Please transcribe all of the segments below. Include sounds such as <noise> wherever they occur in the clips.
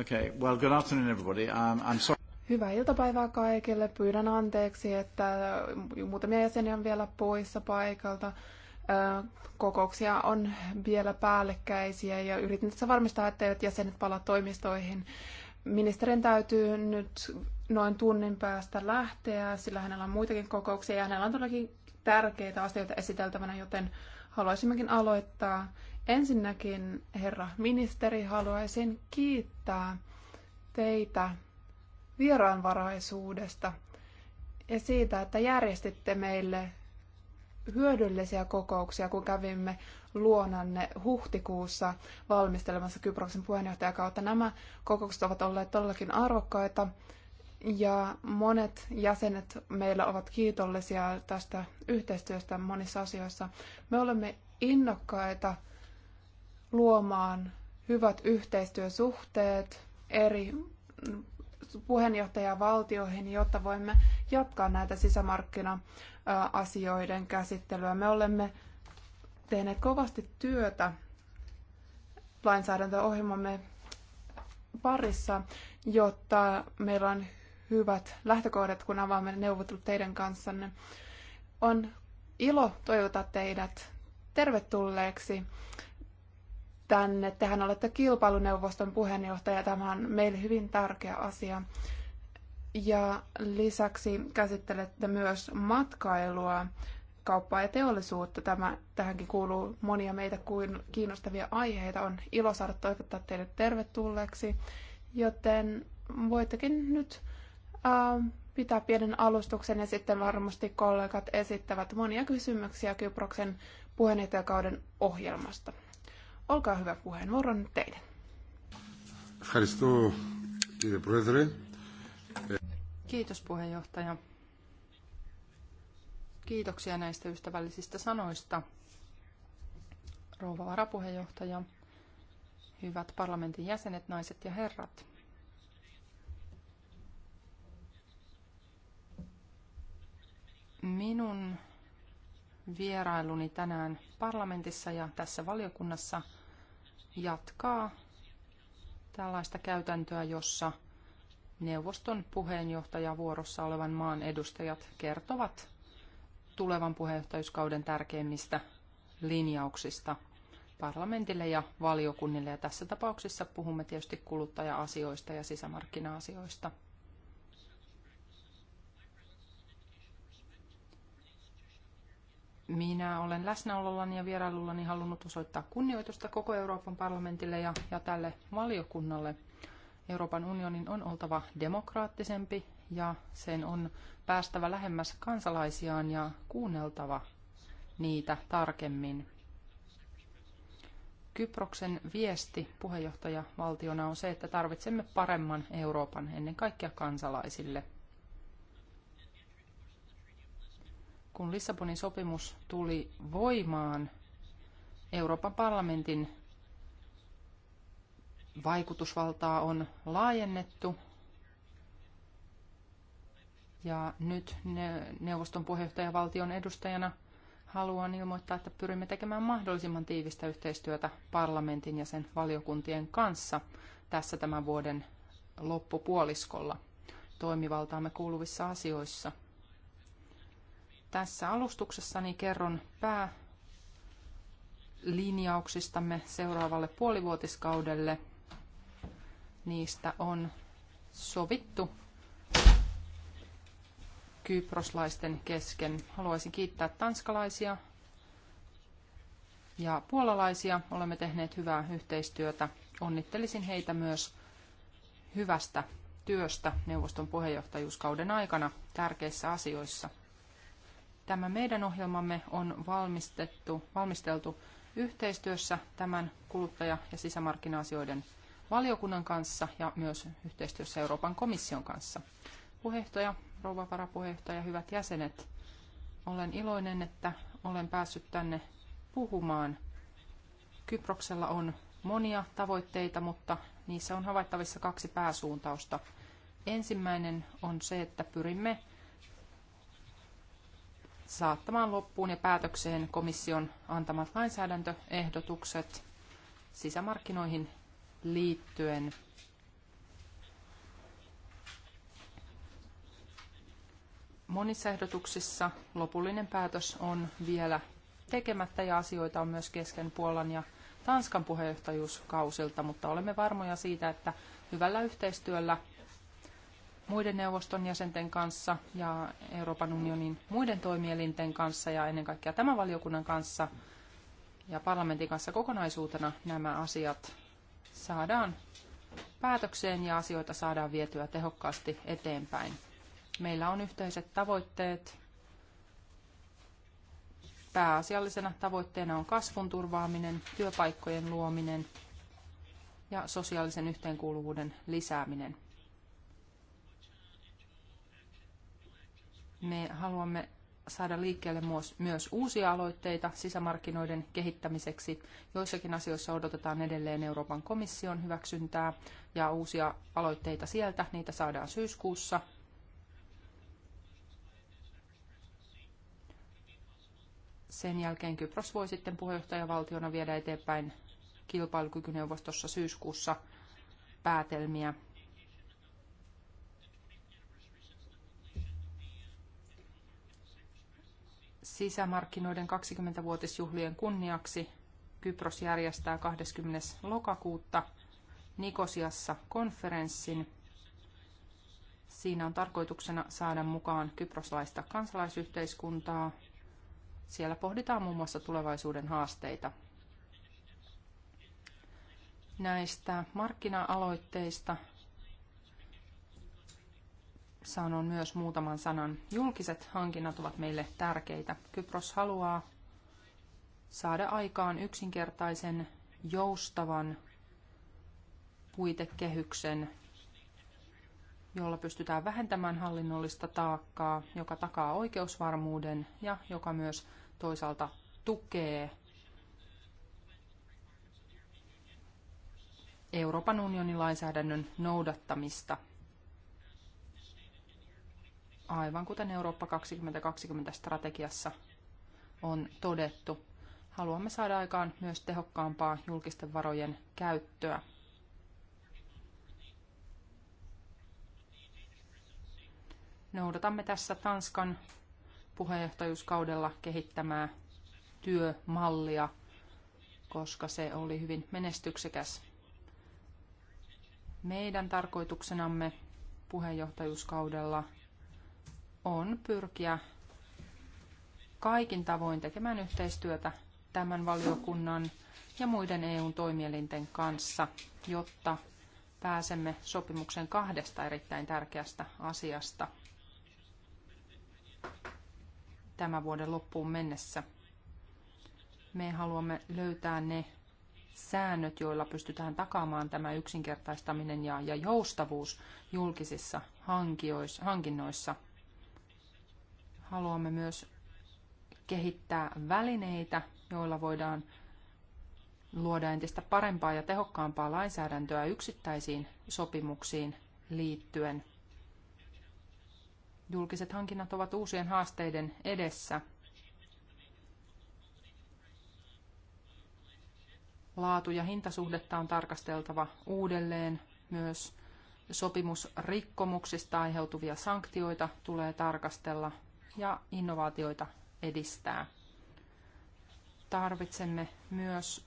Okay, well, good afternoon everybody. Um, I'm sorry. Hyvää iltapäivää kaikille. Pyydän anteeksi, että muutamia jäseniä on vielä poissa paikalta. Kokouksia on vielä päällekkäisiä ja yritin tässä varmistaa, että jäsenet palaa toimistoihin. Ministerin täytyy nyt noin tunnin päästä lähteä, sillä hänellä on muitakin kokouksia ja hänellä on todellakin tärkeitä asioita esiteltävänä, joten haluaisimmekin aloittaa Ensinnäkin, herra ministeri, haluaisin kiittää teitä vieraanvaraisuudesta ja siitä, että järjestitte meille hyödyllisiä kokouksia, kun kävimme luonanne huhtikuussa valmistelemassa Kyproksen puheenjohtajakautta. Nämä kokoukset ovat olleet todellakin arvokkaita ja monet jäsenet meillä ovat kiitollisia tästä yhteistyöstä monissa asioissa. Me olemme innokkaita luomaan hyvät yhteistyösuhteet eri puheenjohtajavaltioihin, jotta voimme jatkaa näitä sisämarkkina-asioiden käsittelyä. Me olemme tehneet kovasti työtä lainsäädäntöohjelmamme parissa, jotta meillä on hyvät lähtökohdat, kun avaamme neuvottelut teidän kanssanne. On ilo toivota teidät tervetulleeksi tänne. Tehän olette kilpailuneuvoston puheenjohtaja. Tämä on meille hyvin tärkeä asia. Ja lisäksi käsittelette myös matkailua, kauppaa ja teollisuutta. Tämä, tähänkin kuuluu monia meitä kuin kiinnostavia aiheita. On ilo saada toivottaa teille tervetulleeksi, joten voittekin nyt äh, pitää pienen alustuksen ja sitten varmasti kollegat esittävät monia kysymyksiä Kyproksen puheenjohtajakauden ohjelmasta. Olkaa hyvä puheenvuoro nyt teidän. Kiitos puheenjohtaja. Kiitoksia näistä ystävällisistä sanoista. Rouva varapuheenjohtaja, hyvät parlamentin jäsenet, naiset ja herrat. Minun vierailuni tänään parlamentissa ja tässä valiokunnassa – jatkaa tällaista käytäntöä, jossa neuvoston puheenjohtaja vuorossa olevan maan edustajat kertovat tulevan puheenjohtajuuskauden tärkeimmistä linjauksista parlamentille ja valiokunnille. Ja tässä tapauksessa puhumme tietysti kuluttaja-asioista ja sisämarkkina-asioista. Minä olen läsnäolollani ja vierailullani halunnut osoittaa kunnioitusta koko Euroopan parlamentille ja, ja tälle valiokunnalle. Euroopan unionin on oltava demokraattisempi ja sen on päästävä lähemmäs kansalaisiaan ja kuunneltava niitä tarkemmin. Kyproksen viesti puheenjohtajavaltiona on se, että tarvitsemme paremman Euroopan ennen kaikkea kansalaisille – kun Lissabonin sopimus tuli voimaan, Euroopan parlamentin vaikutusvaltaa on laajennettu. Ja nyt neuvoston puheenjohtajavaltion edustajana haluan ilmoittaa, että pyrimme tekemään mahdollisimman tiivistä yhteistyötä parlamentin ja sen valiokuntien kanssa tässä tämän vuoden loppupuoliskolla toimivaltaamme kuuluvissa asioissa – tässä alustuksessani kerron päälinjauksistamme seuraavalle puolivuotiskaudelle. Niistä on sovittu kyproslaisten kesken. Haluaisin kiittää tanskalaisia ja puolalaisia. Olemme tehneet hyvää yhteistyötä. Onnittelisin heitä myös hyvästä työstä neuvoston puheenjohtajuuskauden aikana tärkeissä asioissa – Tämä meidän ohjelmamme on valmistettu, valmisteltu yhteistyössä tämän kuluttaja- ja sisämarkkina-asioiden valiokunnan kanssa ja myös yhteistyössä Euroopan komission kanssa. Puheenjohtaja, rouva varapuheenjohtaja, hyvät jäsenet, olen iloinen, että olen päässyt tänne puhumaan. Kyproksella on monia tavoitteita, mutta niissä on havaittavissa kaksi pääsuuntausta. Ensimmäinen on se, että pyrimme saattamaan loppuun ja päätökseen komission antamat lainsäädäntöehdotukset sisämarkkinoihin liittyen. Monissa ehdotuksissa lopullinen päätös on vielä tekemättä ja asioita on myös kesken Puolan ja Tanskan puheenjohtajuuskausilta, mutta olemme varmoja siitä, että hyvällä yhteistyöllä muiden neuvoston jäsenten kanssa ja Euroopan unionin muiden toimielinten kanssa ja ennen kaikkea tämän valiokunnan kanssa ja parlamentin kanssa kokonaisuutena nämä asiat saadaan päätökseen ja asioita saadaan vietyä tehokkaasti eteenpäin. Meillä on yhteiset tavoitteet. Pääasiallisena tavoitteena on kasvun turvaaminen, työpaikkojen luominen ja sosiaalisen yhteenkuuluvuuden lisääminen. Me haluamme saada liikkeelle myös uusia aloitteita sisämarkkinoiden kehittämiseksi. Joissakin asioissa odotetaan edelleen Euroopan komission hyväksyntää ja uusia aloitteita sieltä. Niitä saadaan syyskuussa. Sen jälkeen Kypros voi sitten puheenjohtajavaltiona viedä eteenpäin kilpailukykyneuvostossa syyskuussa päätelmiä sisämarkkinoiden 20-vuotisjuhlien kunniaksi Kypros järjestää 20. lokakuuta Nikosiassa konferenssin. Siinä on tarkoituksena saada mukaan kyproslaista kansalaisyhteiskuntaa. Siellä pohditaan muun muassa tulevaisuuden haasteita. Näistä markkina-aloitteista sanon myös muutaman sanan. Julkiset hankinnat ovat meille tärkeitä. Kypros haluaa saada aikaan yksinkertaisen, joustavan puitekehyksen, jolla pystytään vähentämään hallinnollista taakkaa, joka takaa oikeusvarmuuden ja joka myös toisaalta tukee Euroopan unionin lainsäädännön noudattamista – aivan kuten Eurooppa 2020 strategiassa on todettu. Haluamme saada aikaan myös tehokkaampaa julkisten varojen käyttöä. Noudatamme tässä Tanskan puheenjohtajuuskaudella kehittämää työmallia, koska se oli hyvin menestyksekäs. Meidän tarkoituksenamme puheenjohtajuuskaudella – on pyrkiä kaikin tavoin tekemään yhteistyötä tämän valiokunnan ja muiden EUn toimielinten kanssa, jotta pääsemme sopimuksen kahdesta erittäin tärkeästä asiasta tämän vuoden loppuun mennessä. Me haluamme löytää ne säännöt, joilla pystytään takaamaan tämä yksinkertaistaminen ja, ja joustavuus julkisissa hankinnoissa. Haluamme myös kehittää välineitä, joilla voidaan luoda entistä parempaa ja tehokkaampaa lainsäädäntöä yksittäisiin sopimuksiin liittyen. Julkiset hankinnat ovat uusien haasteiden edessä. Laatu- ja hintasuhdetta on tarkasteltava uudelleen. Myös sopimusrikkomuksista aiheutuvia sanktioita tulee tarkastella ja innovaatioita edistää. Tarvitsemme myös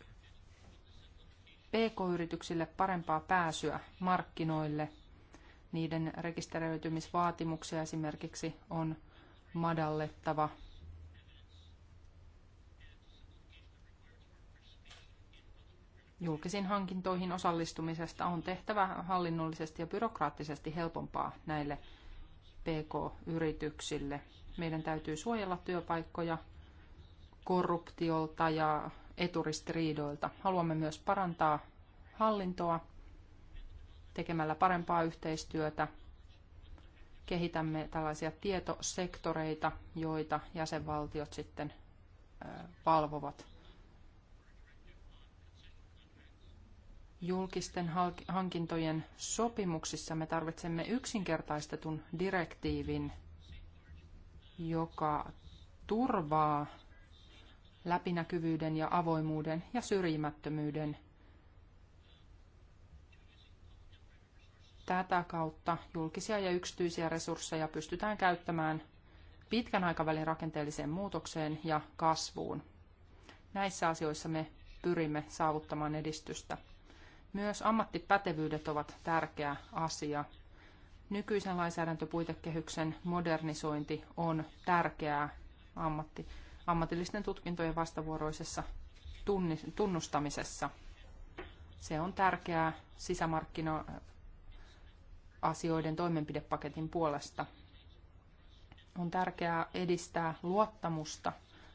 PK-yrityksille parempaa pääsyä markkinoille. Niiden rekisteröitymisvaatimuksia esimerkiksi on madallettava. Julkisiin hankintoihin osallistumisesta on tehtävä hallinnollisesti ja byrokraattisesti helpompaa näille PK-yrityksille. Meidän täytyy suojella työpaikkoja korruptiolta ja eturistiriidoilta. Haluamme myös parantaa hallintoa tekemällä parempaa yhteistyötä. Kehitämme tällaisia tietosektoreita, joita jäsenvaltiot sitten valvovat. Julkisten hankintojen sopimuksissa me tarvitsemme yksinkertaistetun direktiivin joka turvaa läpinäkyvyyden ja avoimuuden ja syrjimättömyyden. Tätä kautta julkisia ja yksityisiä resursseja pystytään käyttämään pitkän aikavälin rakenteelliseen muutokseen ja kasvuun. Näissä asioissa me pyrimme saavuttamaan edistystä. Myös ammattipätevyydet ovat tärkeä asia nykyisen lainsäädäntöpuitekehyksen modernisointi on tärkeää ammatti, ammatillisten tutkintojen vastavuoroisessa tunni, tunnustamisessa. Se on tärkeää sisämarkkina-asioiden toimenpidepaketin puolesta. On tärkeää edistää luottamusta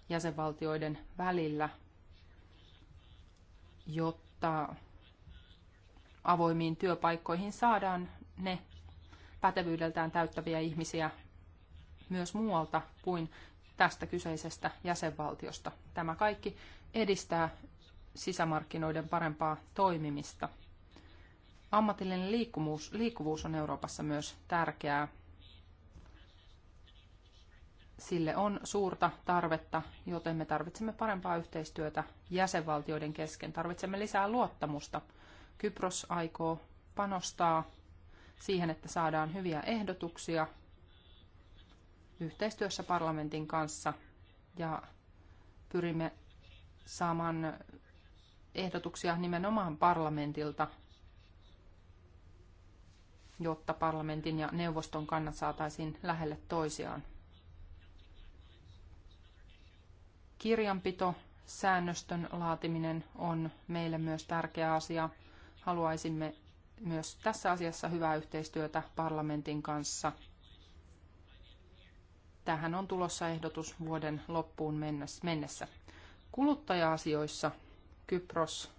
jäsenvaltioiden välillä, jotta avoimiin työpaikkoihin saadaan ne pätevyydeltään täyttäviä ihmisiä myös muualta kuin tästä kyseisestä jäsenvaltiosta. Tämä kaikki edistää sisämarkkinoiden parempaa toimimista. Ammatillinen liikkuvuus, liikkuvuus on Euroopassa myös tärkeää. Sille on suurta tarvetta, joten me tarvitsemme parempaa yhteistyötä jäsenvaltioiden kesken. Tarvitsemme lisää luottamusta. Kypros aikoo panostaa siihen, että saadaan hyviä ehdotuksia yhteistyössä parlamentin kanssa ja pyrimme saamaan ehdotuksia nimenomaan parlamentilta, jotta parlamentin ja neuvoston kannat saataisiin lähelle toisiaan. Kirjanpito, säännöstön laatiminen on meille myös tärkeä asia. Haluaisimme myös tässä asiassa hyvää yhteistyötä parlamentin kanssa. Tähän on tulossa ehdotus vuoden loppuun mennessä. Kuluttaja-asioissa Kypros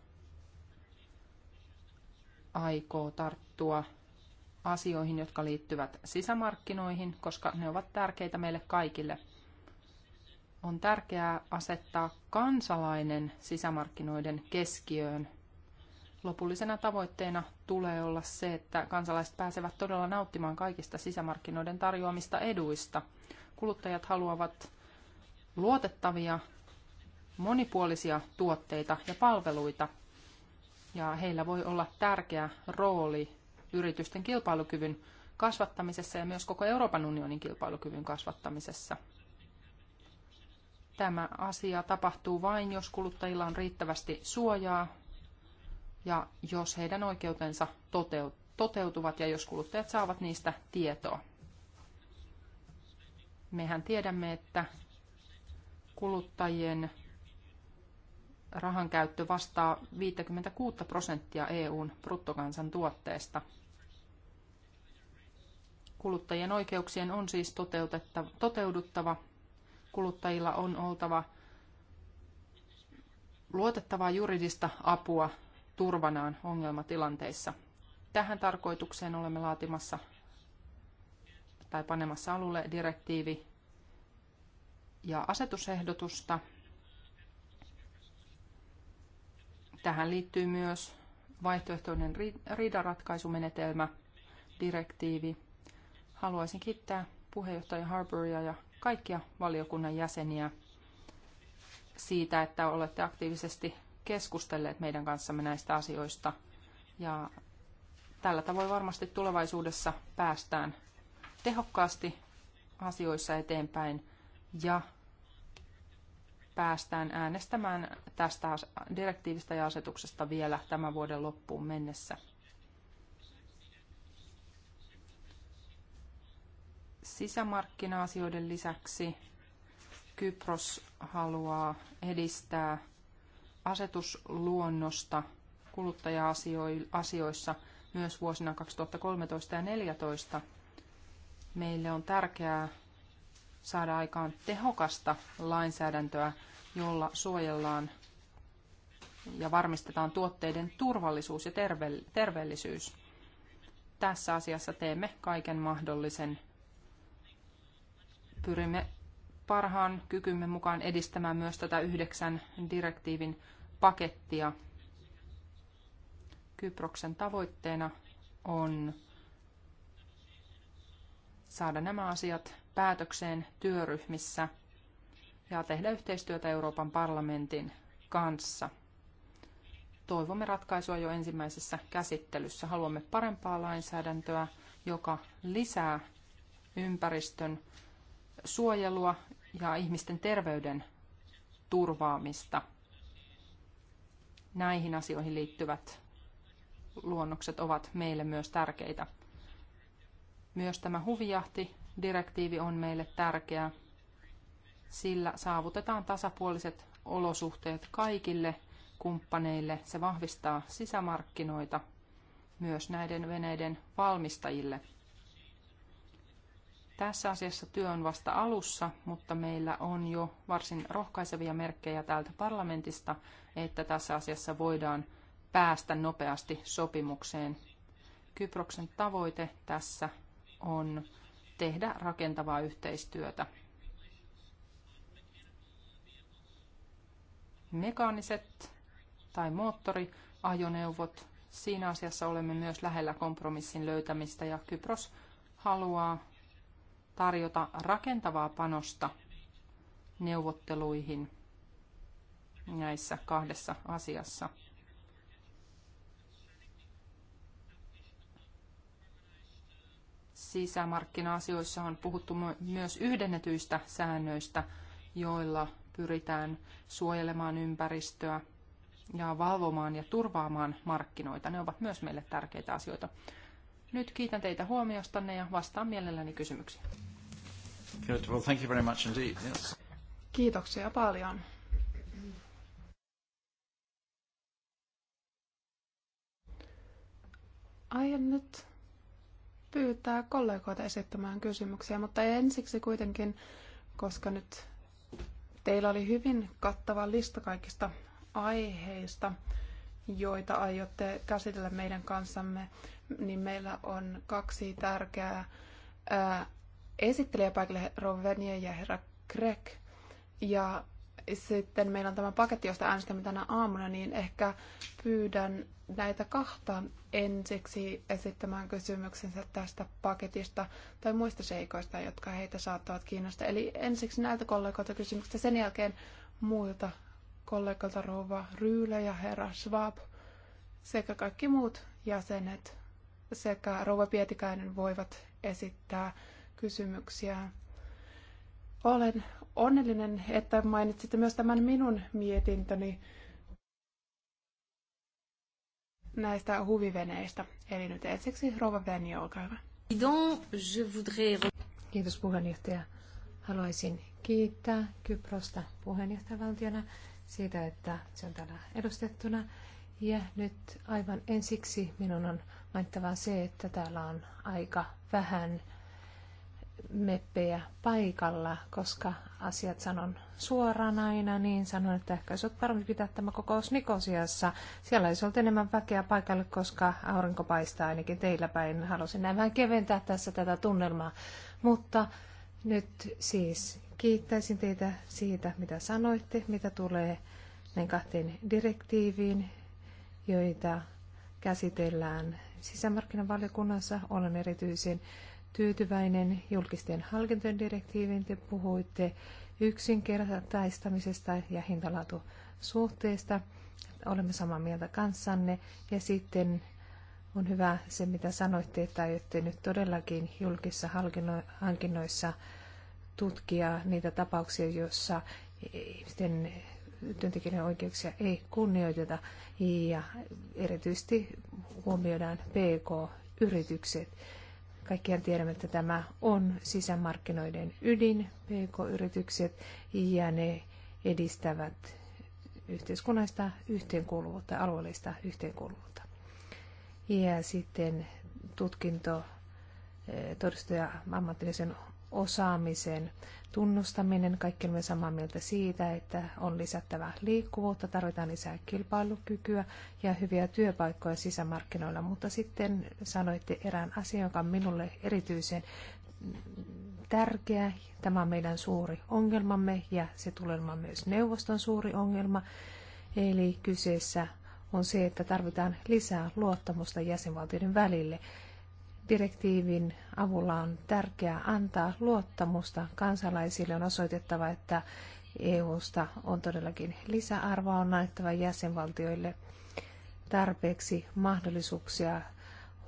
aikoo tarttua asioihin, jotka liittyvät sisämarkkinoihin, koska ne ovat tärkeitä meille kaikille. On tärkeää asettaa kansalainen sisämarkkinoiden keskiöön Lopullisena tavoitteena tulee olla se, että kansalaiset pääsevät todella nauttimaan kaikista sisämarkkinoiden tarjoamista eduista. Kuluttajat haluavat luotettavia, monipuolisia tuotteita ja palveluita, ja heillä voi olla tärkeä rooli yritysten kilpailukyvyn kasvattamisessa ja myös koko Euroopan unionin kilpailukyvyn kasvattamisessa. Tämä asia tapahtuu vain, jos kuluttajilla on riittävästi suojaa ja jos heidän oikeutensa toteutuvat ja jos kuluttajat saavat niistä tietoa. Mehän tiedämme, että kuluttajien rahankäyttö vastaa 56 prosenttia EUn bruttokansantuotteesta. Kuluttajien oikeuksien on siis toteuduttava. Kuluttajilla on oltava luotettavaa juridista apua turvanaan ongelmatilanteissa. Tähän tarkoitukseen olemme laatimassa tai panemassa alulle direktiivi ja asetusehdotusta. Tähän liittyy myös vaihtoehtoinen riidaratkaisumenetelmä, direktiivi. Haluaisin kiittää puheenjohtaja Harburia ja kaikkia valiokunnan jäseniä siitä, että olette aktiivisesti keskustelleet meidän kanssamme näistä asioista. Ja tällä tavoin varmasti tulevaisuudessa päästään tehokkaasti asioissa eteenpäin ja päästään äänestämään tästä direktiivistä ja asetuksesta vielä tämän vuoden loppuun mennessä. Sisämarkkina-asioiden lisäksi Kypros haluaa edistää asetusluonnosta kuluttaja-asioissa myös vuosina 2013 ja 2014. Meille on tärkeää saada aikaan tehokasta lainsäädäntöä, jolla suojellaan ja varmistetaan tuotteiden turvallisuus ja terve- terveellisyys. Tässä asiassa teemme kaiken mahdollisen. Pyrimme parhaan kykymme mukaan edistämään myös tätä yhdeksän direktiivin pakettia. Kyproksen tavoitteena on saada nämä asiat päätökseen työryhmissä ja tehdä yhteistyötä Euroopan parlamentin kanssa. Toivomme ratkaisua jo ensimmäisessä käsittelyssä. Haluamme parempaa lainsäädäntöä, joka lisää ympäristön suojelua ja ihmisten terveyden turvaamista – näihin asioihin liittyvät luonnokset ovat meille myös tärkeitä. Myös tämä huvijahti direktiivi on meille tärkeä. Sillä saavutetaan tasapuoliset olosuhteet kaikille kumppaneille. Se vahvistaa sisämarkkinoita myös näiden veneiden valmistajille – tässä asiassa työ on vasta alussa, mutta meillä on jo varsin rohkaisevia merkkejä täältä parlamentista, että tässä asiassa voidaan päästä nopeasti sopimukseen. Kyproksen tavoite tässä on tehdä rakentavaa yhteistyötä. Mekaaniset tai moottoriajoneuvot, siinä asiassa olemme myös lähellä kompromissin löytämistä ja Kypros haluaa tarjota rakentavaa panosta neuvotteluihin näissä kahdessa asiassa. Sisämarkkina-asioissa on puhuttu myös yhdennetyistä säännöistä, joilla pyritään suojelemaan ympäristöä ja valvomaan ja turvaamaan markkinoita. Ne ovat myös meille tärkeitä asioita. Nyt kiitän teitä huomiostanne ja vastaan mielelläni kysymyksiin. Good. Well, thank you very much indeed. Yes. Kiitoksia paljon. Aion nyt pyytää kollegoita esittämään kysymyksiä, mutta ensiksi kuitenkin, koska nyt teillä oli hyvin kattava lista kaikista aiheista, joita aiotte käsitellä meidän kanssamme, niin meillä on kaksi tärkeää ää, esittelijä Rouva ja herra Greg. Ja sitten meillä on tämä paketti, josta äänestämme tänä aamuna, niin ehkä pyydän näitä kahta ensiksi esittämään kysymyksensä tästä paketista tai muista seikoista, jotka heitä saattavat kiinnostaa. Eli ensiksi näiltä kollegoilta kysymyksistä, sen jälkeen muilta kollegoilta rouva Ryylä ja herra Schwab sekä kaikki muut jäsenet sekä Rouva Pietikäinen voivat esittää kysymyksiä. Olen onnellinen, että mainitsitte myös tämän minun mietintöni näistä huviveneistä. Eli nyt ensiksi Rouva Veni, olkaa hyvä. Kiitos puheenjohtaja. Haluaisin kiittää Kyprosta puheenjohtajavaltiona siitä, että se on täällä edustettuna. Ja nyt aivan ensiksi minun on mainittavaa se, että täällä on aika vähän meppejä paikalla, koska asiat sanon suoraan aina, niin sanon, että ehkä olisi parempi pitää tämä kokous Nikosiassa. Siellä olisi ollut enemmän väkeä paikalle, koska aurinko paistaa ainakin teillä päin. Halusin näin vähän keventää tässä tätä tunnelmaa. Mutta nyt siis kiittäisin teitä siitä, mitä sanoitte, mitä tulee näin kahteen direktiiviin, joita käsitellään sisämarkkinavaliokunnassa. Olen erityisen tyytyväinen julkisten hankintojen direktiivin. Te puhuitte yksinkertaistamisesta ja hintalaatusuhteesta. Olemme samaa mieltä kanssanne. Ja sitten on hyvä se, mitä sanoitte, että aiotte nyt todellakin julkisissa hankinnoissa tutkia niitä tapauksia, joissa ihmisten työntekijöiden oikeuksia ei kunnioiteta ja erityisesti huomioidaan PK-yritykset. Kaikkiaan tiedämme, että tämä on sisämarkkinoiden ydin, PK-yritykset, ja ne edistävät yhteiskunnallista yhteenkuuluvuutta, alueellista yhteenkuuluvuutta. Ja sitten tutkinto, eh, todistaja ammatillisen osaamisen tunnustaminen. Kaikki olemme samaa mieltä siitä, että on lisättävä liikkuvuutta, tarvitaan lisää kilpailukykyä ja hyviä työpaikkoja sisämarkkinoilla. Mutta sitten sanoitte erään asian, joka on minulle erityisen tärkeä. Tämä on meidän suuri ongelmamme ja se tulee olemaan myös neuvoston suuri ongelma. Eli kyseessä on se, että tarvitaan lisää luottamusta jäsenvaltioiden välille. Direktiivin avulla on tärkeää antaa luottamusta kansalaisille. On osoitettava, että EUsta on todellakin lisäarvoa, on annettava jäsenvaltioille tarpeeksi mahdollisuuksia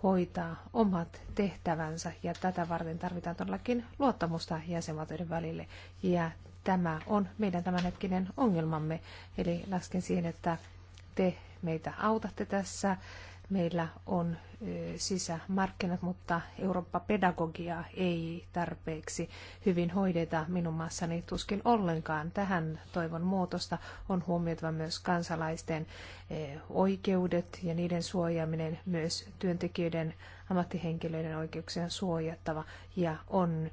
hoitaa omat tehtävänsä ja tätä varten tarvitaan todellakin luottamusta jäsenvaltioiden välille ja tämä on meidän tämänhetkinen ongelmamme. Eli lasken siihen, että te meitä autatte tässä meillä on sisämarkkinat, mutta eurooppa pedagogia ei tarpeeksi hyvin hoideta minun maassani tuskin ollenkaan. Tähän toivon muutosta on huomioitava myös kansalaisten oikeudet ja niiden suojaaminen, myös työntekijöiden ammattihenkilöiden oikeuksien suojattava ja on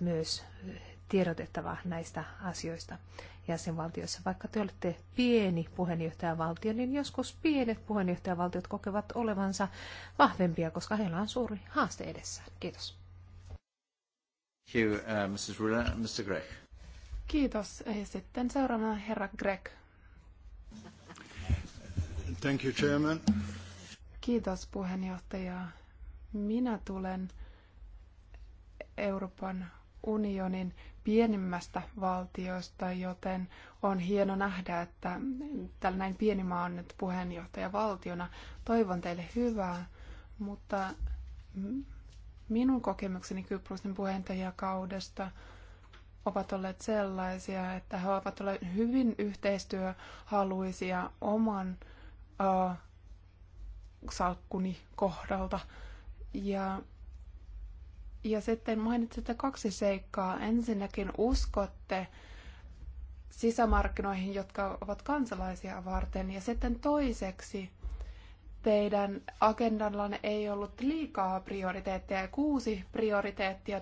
myös tiedotettava näistä asioista jäsenvaltioissa. Vaikka te olette pieni puheenjohtajavaltio, niin joskus pienet puheenjohtajavaltiot kokevat olevansa vahvempia, koska heillä on suuri haaste edessään. Kiitos. Uh, Kiitos. Ja sitten seuraavana herra Greg. Thank you, Chairman. Kiitos puheenjohtaja. Minä tulen Euroopan unionin pienimmästä valtiosta, joten on hieno nähdä, että tällä näin pieni maa on nyt puheenjohtajavaltiona. Toivon teille hyvää, mutta minun kokemukseni Kyprosin puheenjohtajakaudesta ovat olleet sellaisia, että he ovat olleet hyvin yhteistyöhaluisia oman uh, salkkuni kohdalta. Ja ja sitten mainitsitte kaksi seikkaa. Ensinnäkin uskotte sisämarkkinoihin, jotka ovat kansalaisia varten. Ja sitten toiseksi teidän agendallanne ei ollut liikaa prioriteetteja, kuusi prioriteettia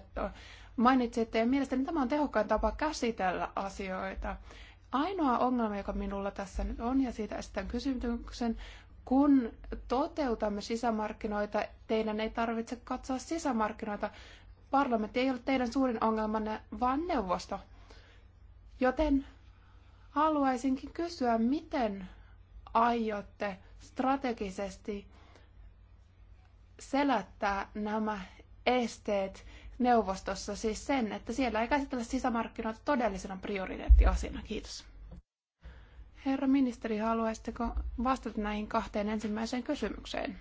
mainitsitte. Ja mielestäni tämä on tehokkain tapa käsitellä asioita. Ainoa ongelma, joka minulla tässä nyt on, ja siitä esitän kysymyksen, kun toteutamme sisämarkkinoita, teidän ei tarvitse katsoa sisämarkkinoita. Parlamentti ei ole teidän suurin ongelmanne, vaan neuvosto. Joten haluaisinkin kysyä, miten aiotte strategisesti selättää nämä esteet neuvostossa, siis sen, että siellä ei käsitellä sisämarkkinoita todellisena prioriteettiasiana. Kiitos. Herra ministeri, haluaisitteko vastata näihin kahteen ensimmäiseen kysymykseen?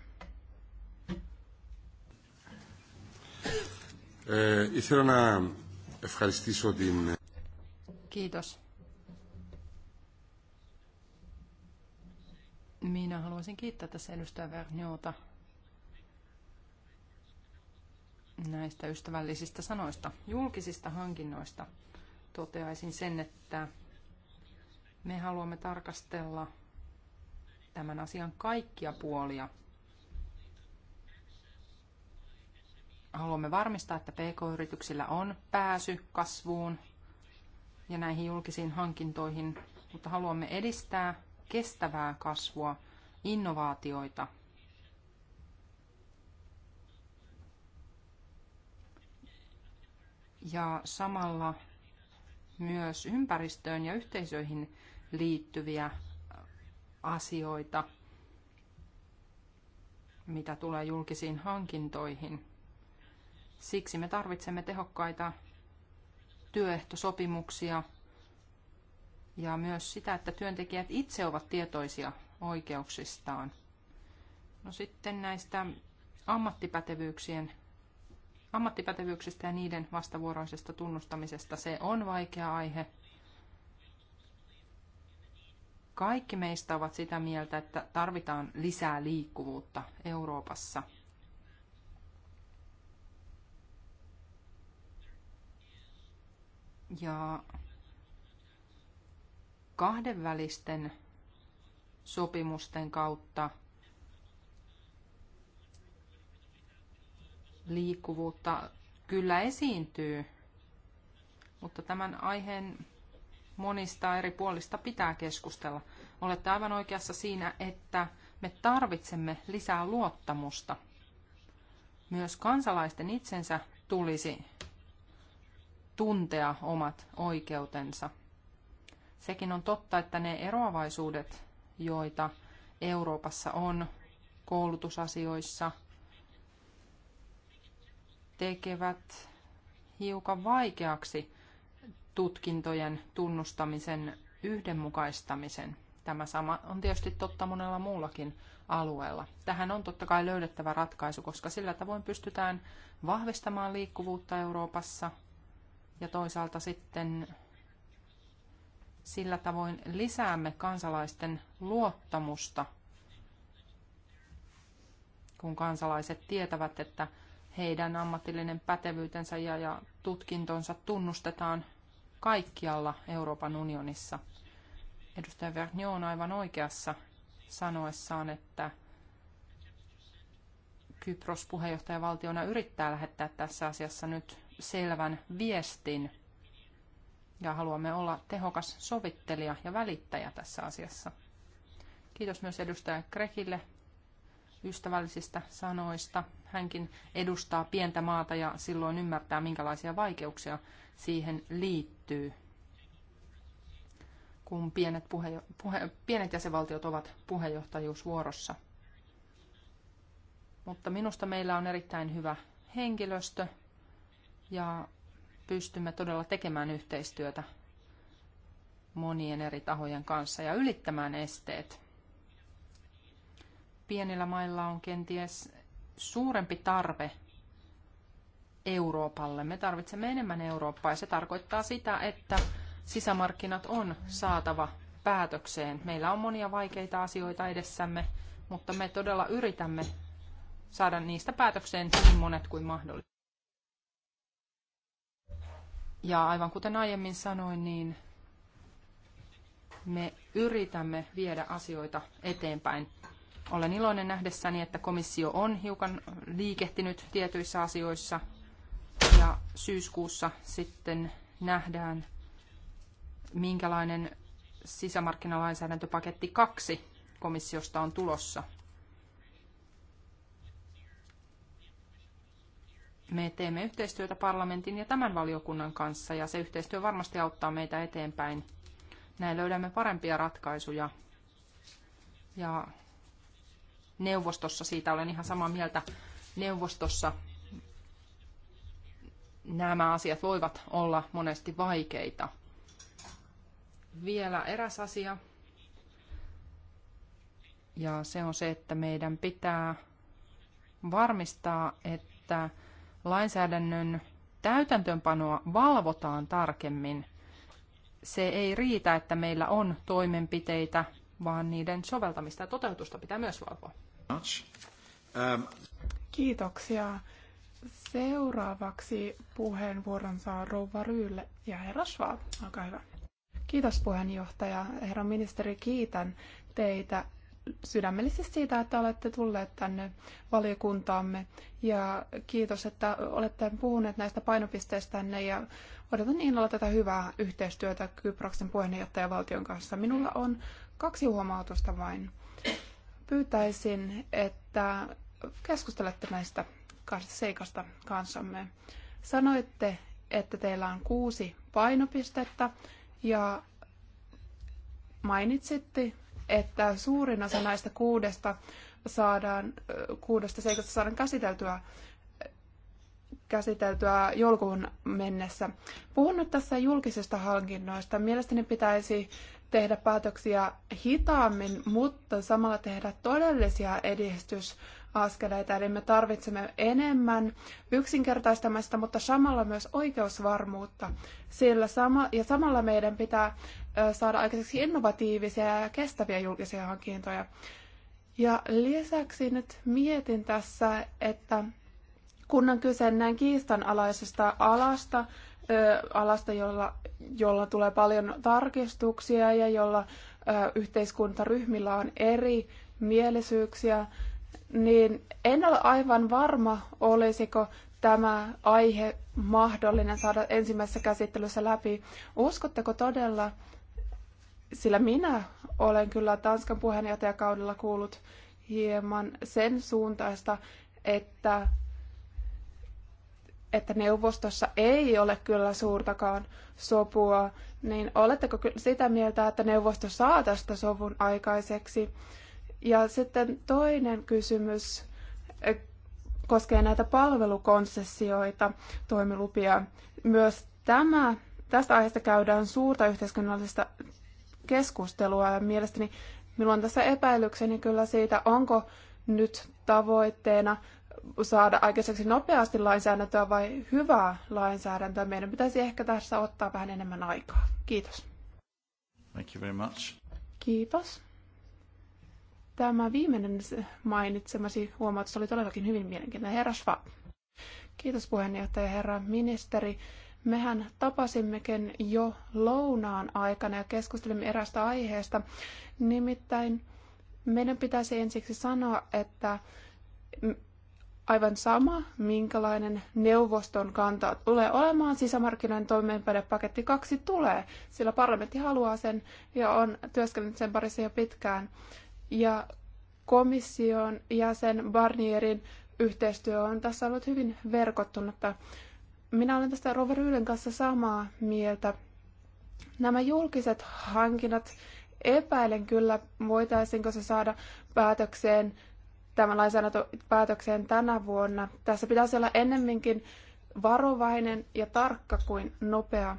Kiitos. Eh, Minä haluaisin kiittää tässä edustaja Verniota näistä ystävällisistä sanoista, julkisista hankinnoista. Toteaisin sen, että me haluamme tarkastella tämän asian kaikkia puolia. Haluamme varmistaa, että pk-yrityksillä on pääsy kasvuun ja näihin julkisiin hankintoihin, mutta haluamme edistää kestävää kasvua, innovaatioita. Ja samalla myös ympäristöön ja yhteisöihin liittyviä asioita, mitä tulee julkisiin hankintoihin. Siksi me tarvitsemme tehokkaita työehtosopimuksia ja myös sitä, että työntekijät itse ovat tietoisia oikeuksistaan. No sitten näistä ammattipätevyyksien, ammattipätevyyksistä ja niiden vastavuoroisesta tunnustamisesta. Se on vaikea aihe. Kaikki meistä ovat sitä mieltä, että tarvitaan lisää liikkuvuutta Euroopassa. Ja kahdenvälisten sopimusten kautta liikkuvuutta kyllä esiintyy, mutta tämän aiheen monista eri puolista pitää keskustella. Olette aivan oikeassa siinä, että me tarvitsemme lisää luottamusta. Myös kansalaisten itsensä tulisi tuntea omat oikeutensa. Sekin on totta, että ne eroavaisuudet, joita Euroopassa on koulutusasioissa, tekevät hiukan vaikeaksi tutkintojen tunnustamisen yhdenmukaistamisen. Tämä sama on tietysti totta monella muullakin alueella. Tähän on totta kai löydettävä ratkaisu, koska sillä tavoin pystytään vahvistamaan liikkuvuutta Euroopassa ja toisaalta sitten sillä tavoin lisäämme kansalaisten luottamusta, kun kansalaiset tietävät, että heidän ammatillinen pätevyytensä ja, ja tutkintonsa tunnustetaan kaikkialla Euroopan unionissa. Edustaja Vernio on aivan oikeassa sanoessaan, että Kypros puheenjohtajavaltiona yrittää lähettää tässä asiassa nyt selvän viestin ja haluamme olla tehokas sovittelija ja välittäjä tässä asiassa. Kiitos myös edustaja Krekille ystävällisistä sanoista hänkin edustaa pientä maata ja silloin ymmärtää, minkälaisia vaikeuksia siihen liittyy, kun pienet, puheenjo- puhe- pienet jäsenvaltiot ovat puheenjohtajuusvuorossa. Mutta minusta meillä on erittäin hyvä henkilöstö ja pystymme todella tekemään yhteistyötä monien eri tahojen kanssa ja ylittämään esteet. Pienillä mailla on kenties suurempi tarve Euroopalle. Me tarvitsemme enemmän Eurooppaa ja se tarkoittaa sitä, että sisämarkkinat on saatava päätökseen. Meillä on monia vaikeita asioita edessämme, mutta me todella yritämme saada niistä päätökseen niin monet kuin mahdollista. Ja aivan kuten aiemmin sanoin, niin me yritämme viedä asioita eteenpäin. Olen iloinen nähdessäni, että komissio on hiukan liikehtinyt tietyissä asioissa ja syyskuussa sitten nähdään, minkälainen sisämarkkinalainsäädäntöpaketti kaksi komissiosta on tulossa. Me teemme yhteistyötä parlamentin ja tämän valiokunnan kanssa ja se yhteistyö varmasti auttaa meitä eteenpäin. Näin löydämme parempia ratkaisuja ja neuvostossa, siitä olen ihan samaa mieltä, neuvostossa nämä asiat voivat olla monesti vaikeita. Vielä eräs asia, ja se on se, että meidän pitää varmistaa, että lainsäädännön täytäntöönpanoa valvotaan tarkemmin. Se ei riitä, että meillä on toimenpiteitä, vaan niiden soveltamista ja toteutusta pitää myös valvoa. Um, Kiitoksia. Seuraavaksi puheenvuoron saa Rouva Ryylle ja herra Schwab. Olkaa hyvä. Kiitos puheenjohtaja. Herra ministeri, kiitän teitä sydämellisesti siitä, että olette tulleet tänne valiokuntaamme. Ja kiitos, että olette puhuneet näistä painopisteistä tänne ja odotan innolla tätä hyvää yhteistyötä Kyproksen puheenjohtajavaltion kanssa. Minulla on kaksi huomautusta vain pyytäisin, että keskustelette näistä kahdesta seikasta kanssamme. Sanoitte, että teillä on kuusi painopistettä ja mainitsitte, että suurin osa näistä kuudesta saadaan, kuudesta seikasta saadaan käsiteltyä, käsiteltyä joulukuun mennessä. Puhun nyt tässä julkisista hankinnoista. Mielestäni pitäisi tehdä päätöksiä hitaammin, mutta samalla tehdä todellisia edistysaskeleita. Eli me tarvitsemme enemmän yksinkertaistamista, mutta samalla myös oikeusvarmuutta. Sillä sama, ja samalla meidän pitää saada aikaiseksi innovatiivisia ja kestäviä julkisia hankintoja. Ja lisäksi nyt mietin tässä, että kun on kyse näin kiistanalaisesta alasta, alasta, jolla, jolla tulee paljon tarkistuksia ja jolla yhteiskuntaryhmillä on eri mielisyyksiä, niin en ole aivan varma, olisiko tämä aihe mahdollinen saada ensimmäisessä käsittelyssä läpi. Uskotteko todella, sillä minä olen kyllä Tanskan puheenjohtajakaudella kuullut hieman sen suuntaista, että että neuvostossa ei ole kyllä suurtakaan sopua, niin oletteko sitä mieltä, että neuvosto saa tästä sovun aikaiseksi? Ja sitten toinen kysymys eh, koskee näitä palvelukonsessioita, toimilupia. Myös tämä, tästä aiheesta käydään suurta yhteiskunnallista keskustelua ja mielestäni minulla on tässä epäilykseni kyllä siitä, onko nyt tavoitteena saada aikaiseksi nopeasti lainsäädäntöä vai hyvää lainsäädäntöä? Meidän pitäisi ehkä tässä ottaa vähän enemmän aikaa. Kiitos. Thank you very much. Kiitos. Tämä viimeinen mainitsemasi huomautus oli todellakin hyvin mielenkiintoinen. Herra Schwab. Kiitos puheenjohtaja, herra ministeri. Mehän tapasimmekin jo lounaan aikana ja keskustelimme erästä aiheesta. Nimittäin meidän pitäisi ensiksi sanoa, että aivan sama, minkälainen neuvoston kanta tulee olemaan. Sisämarkkinoiden toimeenpanepaketti 2 tulee, sillä parlamentti haluaa sen ja on työskennellyt sen parissa jo pitkään. Ja komission jäsen Barnierin yhteistyö on tässä ollut hyvin verkottunutta. Minä olen tästä Rover Ylen kanssa samaa mieltä. Nämä julkiset hankinnat epäilen kyllä, voitaisiinko se saada päätökseen tämän lainsäädäntöpäätökseen tänä vuonna. Tässä pitäisi olla ennemminkin varovainen ja tarkka kuin nopea.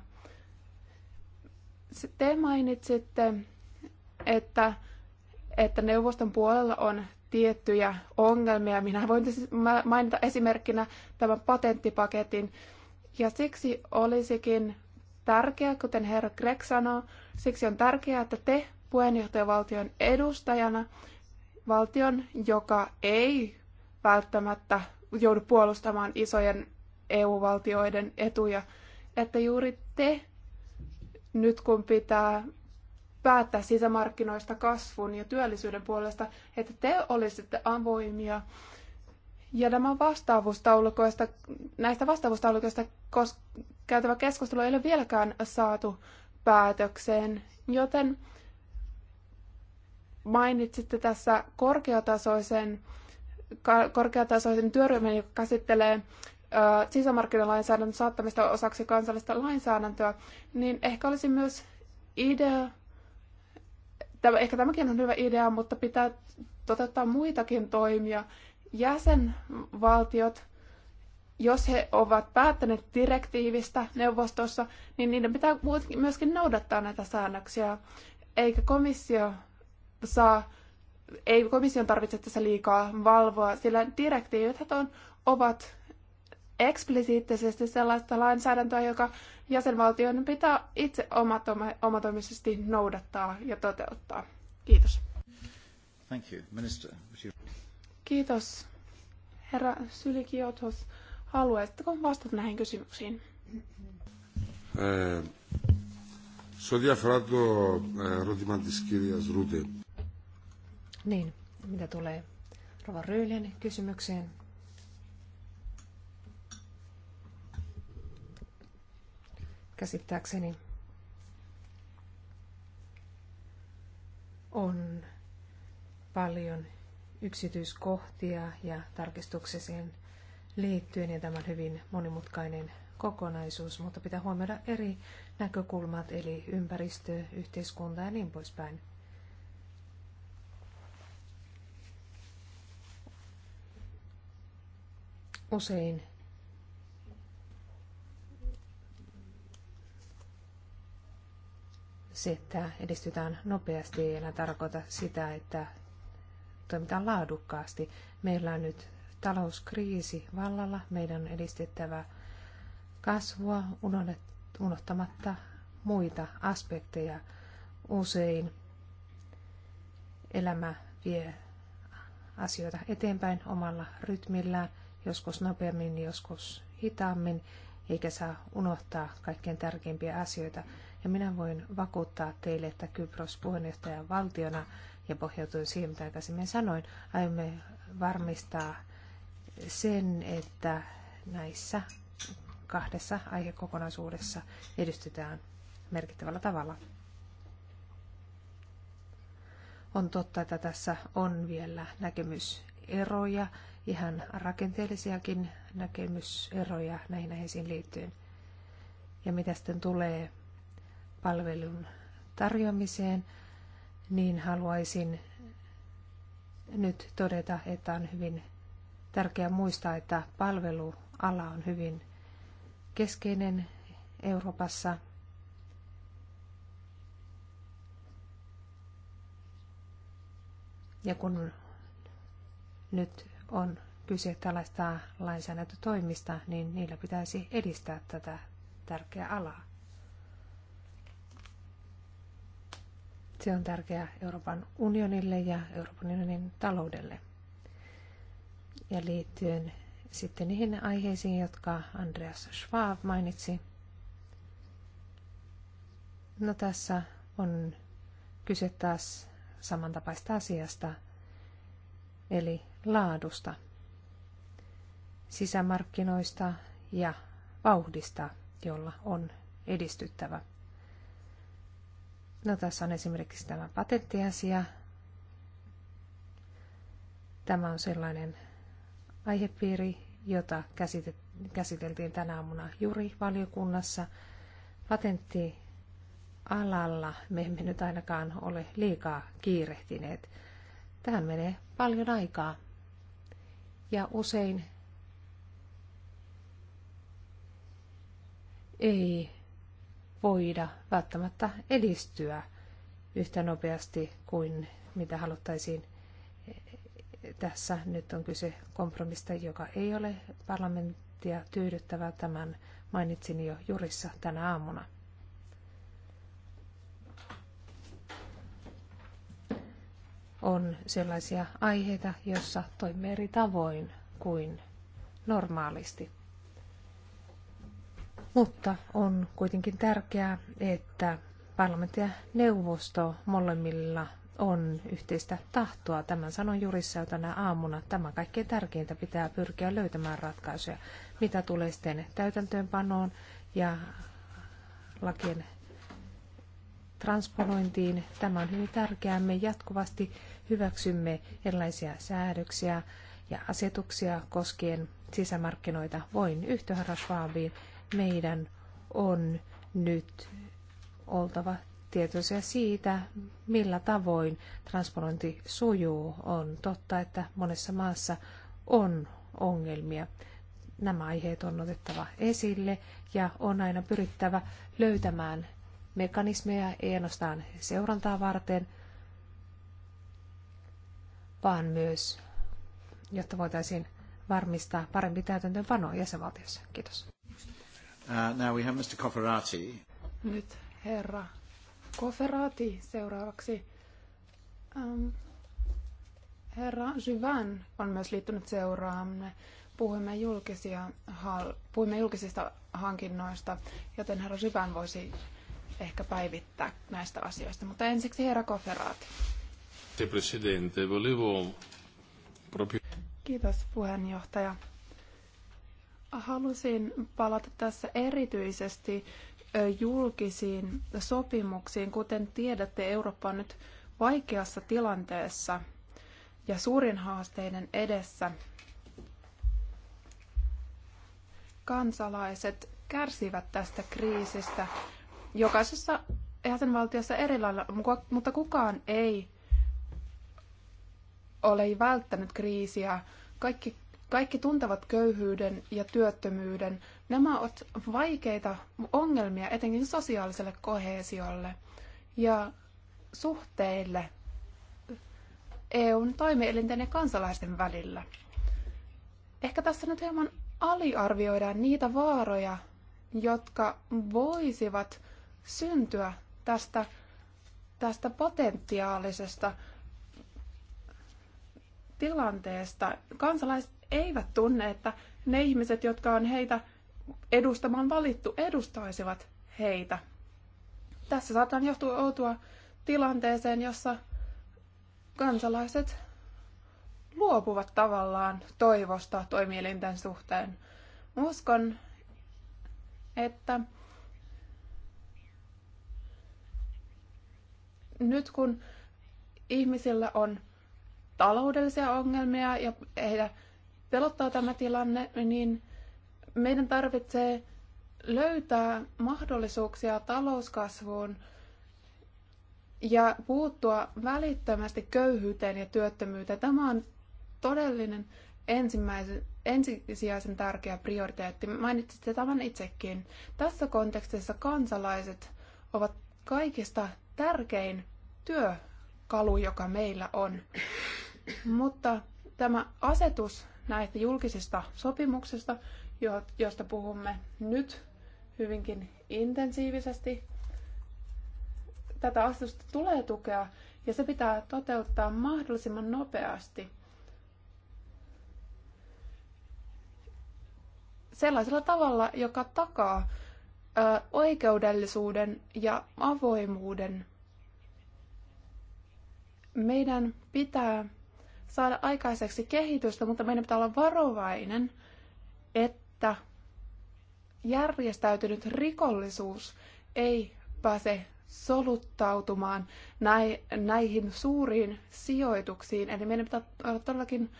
Te mainitsitte, että, että neuvoston puolella on tiettyjä ongelmia. Minä voin mainita esimerkkinä tämän patenttipaketin. Ja siksi olisikin tärkeää, kuten herra Greg sanoo, siksi on tärkeää, että te puheenjohtajavaltion edustajana valtion, joka ei välttämättä joudu puolustamaan isojen EU-valtioiden etuja, että juuri te nyt kun pitää päättää sisämarkkinoista kasvun ja työllisyyden puolesta, että te olisitte avoimia. Ja nämä vastaavuustaulukoista, näistä vastaavuustaulukoista kos- käytävä keskustelu ei ole vieläkään saatu päätökseen, joten mainitsitte tässä korkeatasoisen, korkeatasoisen työryhmän, joka käsittelee sisämarkkinalainsäädännön saattamista osaksi kansallista lainsäädäntöä, niin ehkä olisi myös idea, tämä, ehkä tämäkin on hyvä idea, mutta pitää toteuttaa muitakin toimia. Jäsenvaltiot, jos he ovat päättäneet direktiivistä neuvostossa, niin niiden pitää myöskin noudattaa näitä säännöksiä, eikä komissio saa, ei komission tarvitse tässä liikaa valvoa, sillä direktiivithän on, ovat eksplisiittisesti sellaista lainsäädäntöä, joka jäsenvaltion pitää itse omatoimisesti noudattaa ja toteuttaa. Kiitos. Thank you. Minister, you... Kiitos. Herra Sylikiotos, haluaisitteko vastata näihin kysymyksiin? Ε, σε ό,τι αφορά το ερώτημα της κυρίας Ρούτε, niin, mitä tulee Rova Ryylien kysymykseen. Käsittääkseni on paljon yksityiskohtia ja tarkistuksia siihen liittyen, ja tämä on hyvin monimutkainen kokonaisuus, mutta pitää huomioida eri näkökulmat, eli ympäristö, yhteiskunta ja niin poispäin. usein se, että edistytään nopeasti, ei enää tarkoita sitä, että toimitaan laadukkaasti. Meillä on nyt talouskriisi vallalla, meidän on edistettävä kasvua unohtamatta muita aspekteja. Usein elämä vie asioita eteenpäin omalla rytmillään joskus nopeammin, joskus hitaammin, eikä saa unohtaa kaikkein tärkeimpiä asioita. Ja minä voin vakuuttaa teille, että Kypros puheenjohtajan valtiona, ja pohjautuen siihen, mitä aikaisemmin sanoin, aiomme varmistaa sen, että näissä kahdessa aihekokonaisuudessa edistytään merkittävällä tavalla. On totta, että tässä on vielä näkemyseroja ihan rakenteellisiakin näkemyseroja näihin aiheisiin liittyen. Ja mitä sitten tulee palvelun tarjoamiseen, niin haluaisin nyt todeta, että on hyvin tärkeää muistaa, että palveluala on hyvin keskeinen Euroopassa. Ja kun nyt on kyse tällaista lainsäädäntötoimista, niin niillä pitäisi edistää tätä tärkeää alaa. Se on tärkeää Euroopan unionille ja Euroopan unionin taloudelle. Ja liittyen sitten niihin aiheisiin, jotka Andreas Schwab mainitsi. No tässä on kyse taas samantapaista asiasta, eli laadusta, sisämarkkinoista ja vauhdista, jolla on edistyttävä. No tässä on esimerkiksi tämä patenttiasia. Tämä on sellainen aihepiiri, jota käsiteltiin tänä aamuna jurivaliokunnassa. Patenttialalla me emme nyt ainakaan ole liikaa kiirehtineet. Tähän menee paljon aikaa ja usein ei voida välttämättä edistyä yhtä nopeasti kuin mitä haluttaisiin. Tässä nyt on kyse kompromista, joka ei ole parlamenttia tyydyttävä. Tämän mainitsin jo jurissa tänä aamuna. on sellaisia aiheita, joissa toimii eri tavoin kuin normaalisti. Mutta on kuitenkin tärkeää, että parlamentti ja neuvosto molemmilla on yhteistä tahtoa. Tämän sanon jurissa jo tänä aamuna. Tämä kaikkein tärkeintä pitää pyrkiä löytämään ratkaisuja, mitä tulee sitten täytäntöönpanoon ja lakien transponointiin. Tämä on hyvin tärkeää. Me jatkuvasti hyväksymme erilaisia säädöksiä ja asetuksia koskien sisämarkkinoita. Voin yhtyä Schwabiin. Meidän on nyt oltava tietoisia siitä, millä tavoin transponointi sujuu. On totta, että monessa maassa on ongelmia. Nämä aiheet on otettava esille ja on aina pyrittävä löytämään mekanismeja, ei ainoastaan seurantaa varten, vaan myös, jotta voitaisiin varmistaa parempi täytäntöönpano jäsenvaltiossa. Kiitos. Uh, now we have Mr. Nyt herra Koferati seuraavaksi. Um, herra Syvän on myös liittynyt seuraamme. Puhuimme, julkisia, puhuimme julkisista hankinnoista, joten herra Syvän voisi ehkä päivittää näistä asioista. Mutta ensiksi herra Koferaati. Presidente, volevo Kiitos puheenjohtaja. Halusin palata tässä erityisesti julkisiin sopimuksiin. Kuten tiedätte, Eurooppa on nyt vaikeassa tilanteessa ja suurin haasteiden edessä. Kansalaiset kärsivät tästä kriisistä jokaisessa jäsenvaltiossa eri lailla, mutta kukaan ei ole välttänyt kriisiä. Kaikki, kaikki tuntevat köyhyyden ja työttömyyden. Nämä ovat vaikeita ongelmia etenkin sosiaaliselle kohesiolle ja suhteille EUn toimielinten ja kansalaisten välillä. Ehkä tässä nyt hieman aliarvioidaan niitä vaaroja, jotka voisivat syntyä tästä, tästä potentiaalisesta tilanteesta. Kansalaiset eivät tunne, että ne ihmiset, jotka on heitä edustamaan valittu, edustaisivat heitä. Tässä saatan johtua outoa tilanteeseen, jossa kansalaiset luopuvat tavallaan toivosta toimielinten suhteen. Uskon, että nyt kun ihmisillä on taloudellisia ongelmia ja heitä pelottaa tämä tilanne, niin meidän tarvitsee löytää mahdollisuuksia talouskasvuun ja puuttua välittömästi köyhyyteen ja työttömyyteen. Tämä on todellinen ensimmäisen, ensisijaisen tärkeä prioriteetti. Mainitsitte tämän itsekin. Tässä kontekstissa kansalaiset ovat kaikista tärkein työkalu, joka meillä on. Mutta tämä asetus näistä julkisista sopimuksista, josta puhumme nyt hyvinkin intensiivisesti, tätä asetusta tulee tukea ja se pitää toteuttaa mahdollisimman nopeasti. Sellaisella tavalla, joka takaa oikeudellisuuden ja avoimuuden. Meidän pitää saada aikaiseksi kehitystä, mutta meidän pitää olla varovainen, että järjestäytynyt rikollisuus ei pääse soluttautumaan näihin suuriin sijoituksiin. Eli meidän pitää olla todellakin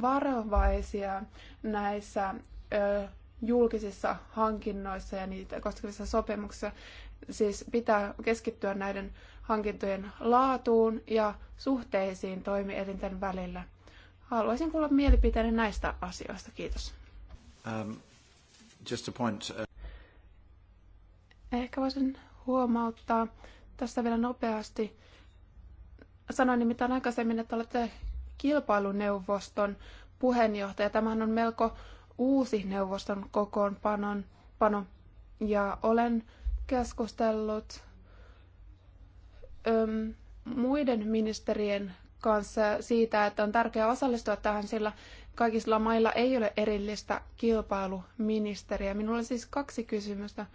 varovaisia näissä ö, julkisissa hankinnoissa ja niitä koskevissa sopimuksissa. Siis pitää keskittyä näiden hankintojen laatuun ja suhteisiin toimielinten välillä. Haluaisin kuulla mielipiteeni näistä asioista. Kiitos. Um, just a point. Uh, Ehkä voisin huomauttaa tästä vielä nopeasti. Sanoin nimittäin aikaisemmin, että olette kilpailuneuvoston puheenjohtaja. Tämähän on melko uusi neuvoston kokoonpanon ja olen keskustellut öm, muiden ministerien kanssa siitä, että on tärkeää osallistua tähän, sillä kaikilla mailla ei ole erillistä kilpailuministeriä. Minulla on siis kaksi kysymystä.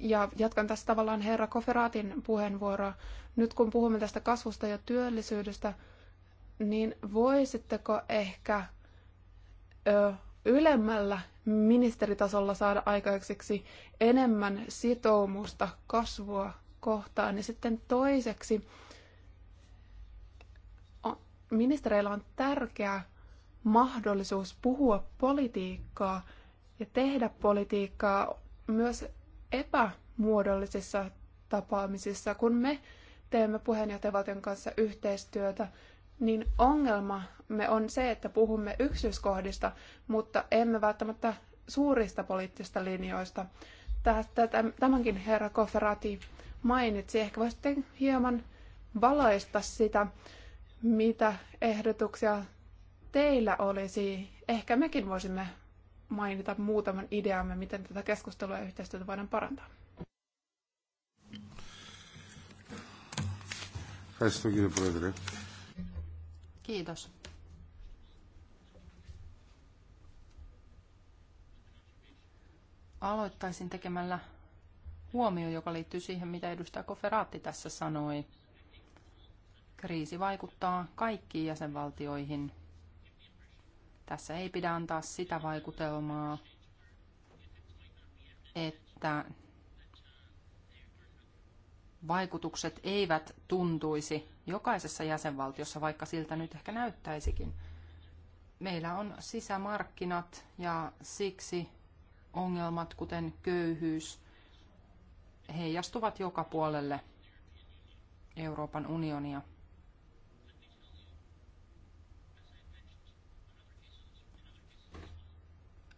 Ja jatkan tässä tavallaan herra Koferaatin puheenvuoroa. Nyt kun puhumme tästä kasvusta ja työllisyydestä, niin voisitteko ehkä ö, ylemmällä ministeritasolla saada aikaiseksi enemmän sitoumusta kasvua kohtaan. Ja niin sitten toiseksi ministereillä on tärkeä mahdollisuus puhua politiikkaa ja tehdä politiikkaa myös epämuodollisissa tapaamisissa. Kun me teemme puheenjohtajavaltion kanssa yhteistyötä, niin ongelma me on se, että puhumme yksityiskohdista, mutta emme välttämättä suurista poliittisista linjoista. Tämänkin herra Koferati mainitsi. Ehkä voisitte hieman valaista sitä, mitä ehdotuksia teillä olisi. Ehkä mekin voisimme mainita muutaman ideamme, miten tätä keskustelua ja yhteistyötä voidaan parantaa. Ευχαριστώ κύριε Kiitos. Aloittaisin tekemällä huomio, joka liittyy siihen, mitä edustaja Koferaatti tässä sanoi. Kriisi vaikuttaa kaikkiin jäsenvaltioihin. Tässä ei pidä antaa sitä vaikutelmaa, että vaikutukset eivät tuntuisi jokaisessa jäsenvaltiossa, vaikka siltä nyt ehkä näyttäisikin. Meillä on sisämarkkinat ja siksi ongelmat, kuten köyhyys, heijastuvat joka puolelle Euroopan unionia.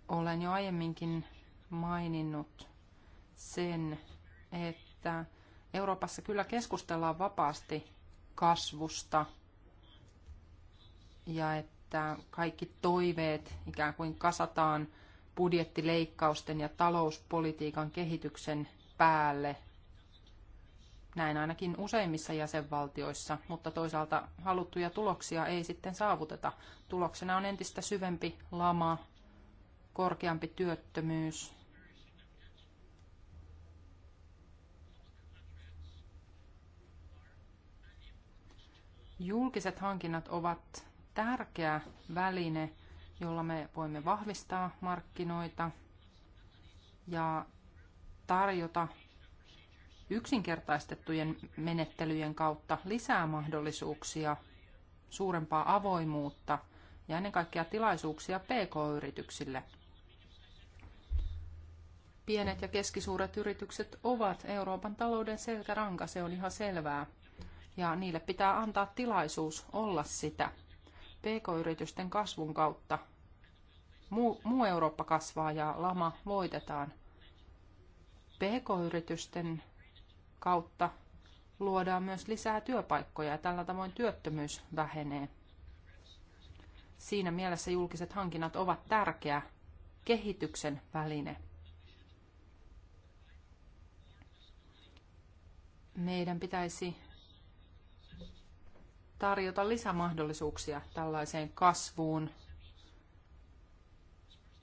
Olen jo aiemminkin maininnut sen, että Euroopassa kyllä keskustellaan vapaasti kasvusta ja että kaikki toiveet ikään kuin kasataan budjettileikkausten ja talouspolitiikan kehityksen päälle. Näin ainakin useimmissa jäsenvaltioissa, mutta toisaalta haluttuja tuloksia ei sitten saavuteta. Tuloksena on entistä syvempi lama, korkeampi työttömyys Julkiset hankinnat ovat tärkeä väline, jolla me voimme vahvistaa markkinoita ja tarjota yksinkertaistettujen menettelyjen kautta lisää mahdollisuuksia, suurempaa avoimuutta ja ennen kaikkea tilaisuuksia pk-yrityksille. Pienet ja keskisuuret yritykset ovat Euroopan talouden selkäranka, se on ihan selvää ja niille pitää antaa tilaisuus olla sitä. PK-yritysten kasvun kautta muu, muu Eurooppa kasvaa ja lama voitetaan. PK-yritysten kautta luodaan myös lisää työpaikkoja ja tällä tavoin työttömyys vähenee. Siinä mielessä julkiset hankinnat ovat tärkeä kehityksen väline. Meidän pitäisi tarjota lisämahdollisuuksia tällaiseen kasvuun.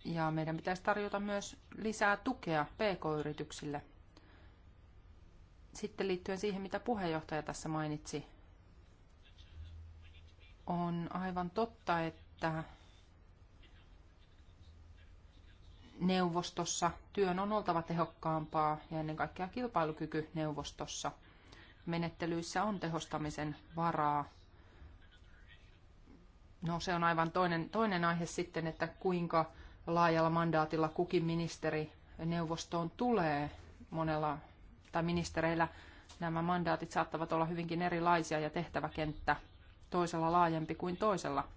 Ja meidän pitäisi tarjota myös lisää tukea pk-yrityksille. Sitten liittyen siihen, mitä puheenjohtaja tässä mainitsi, on aivan totta, että neuvostossa työn on oltava tehokkaampaa ja ennen kaikkea neuvostossa. Menettelyissä on tehostamisen varaa No se on aivan toinen, toinen aihe sitten, että kuinka laajalla mandaatilla kukin ministeri neuvostoon tulee monella tai ministereillä nämä mandaatit saattavat olla hyvinkin erilaisia ja tehtäväkenttä toisella laajempi kuin toisella.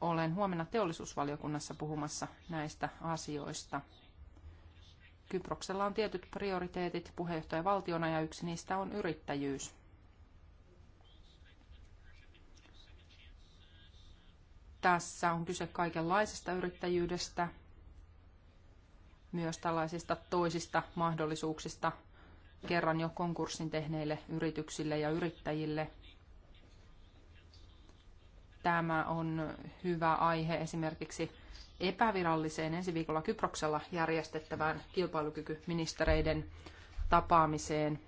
Olen huomenna teollisuusvaliokunnassa puhumassa näistä asioista. Kyproksella on tietyt prioriteetit puheenjohtajavaltiona ja yksi niistä on yrittäjyys. Tässä on kyse kaikenlaisesta yrittäjyydestä, myös tällaisista toisista mahdollisuuksista kerran jo konkurssin tehneille yrityksille ja yrittäjille. Tämä on hyvä aihe esimerkiksi epäviralliseen ensi viikolla Kyproksella järjestettävään kilpailukykyministereiden tapaamiseen.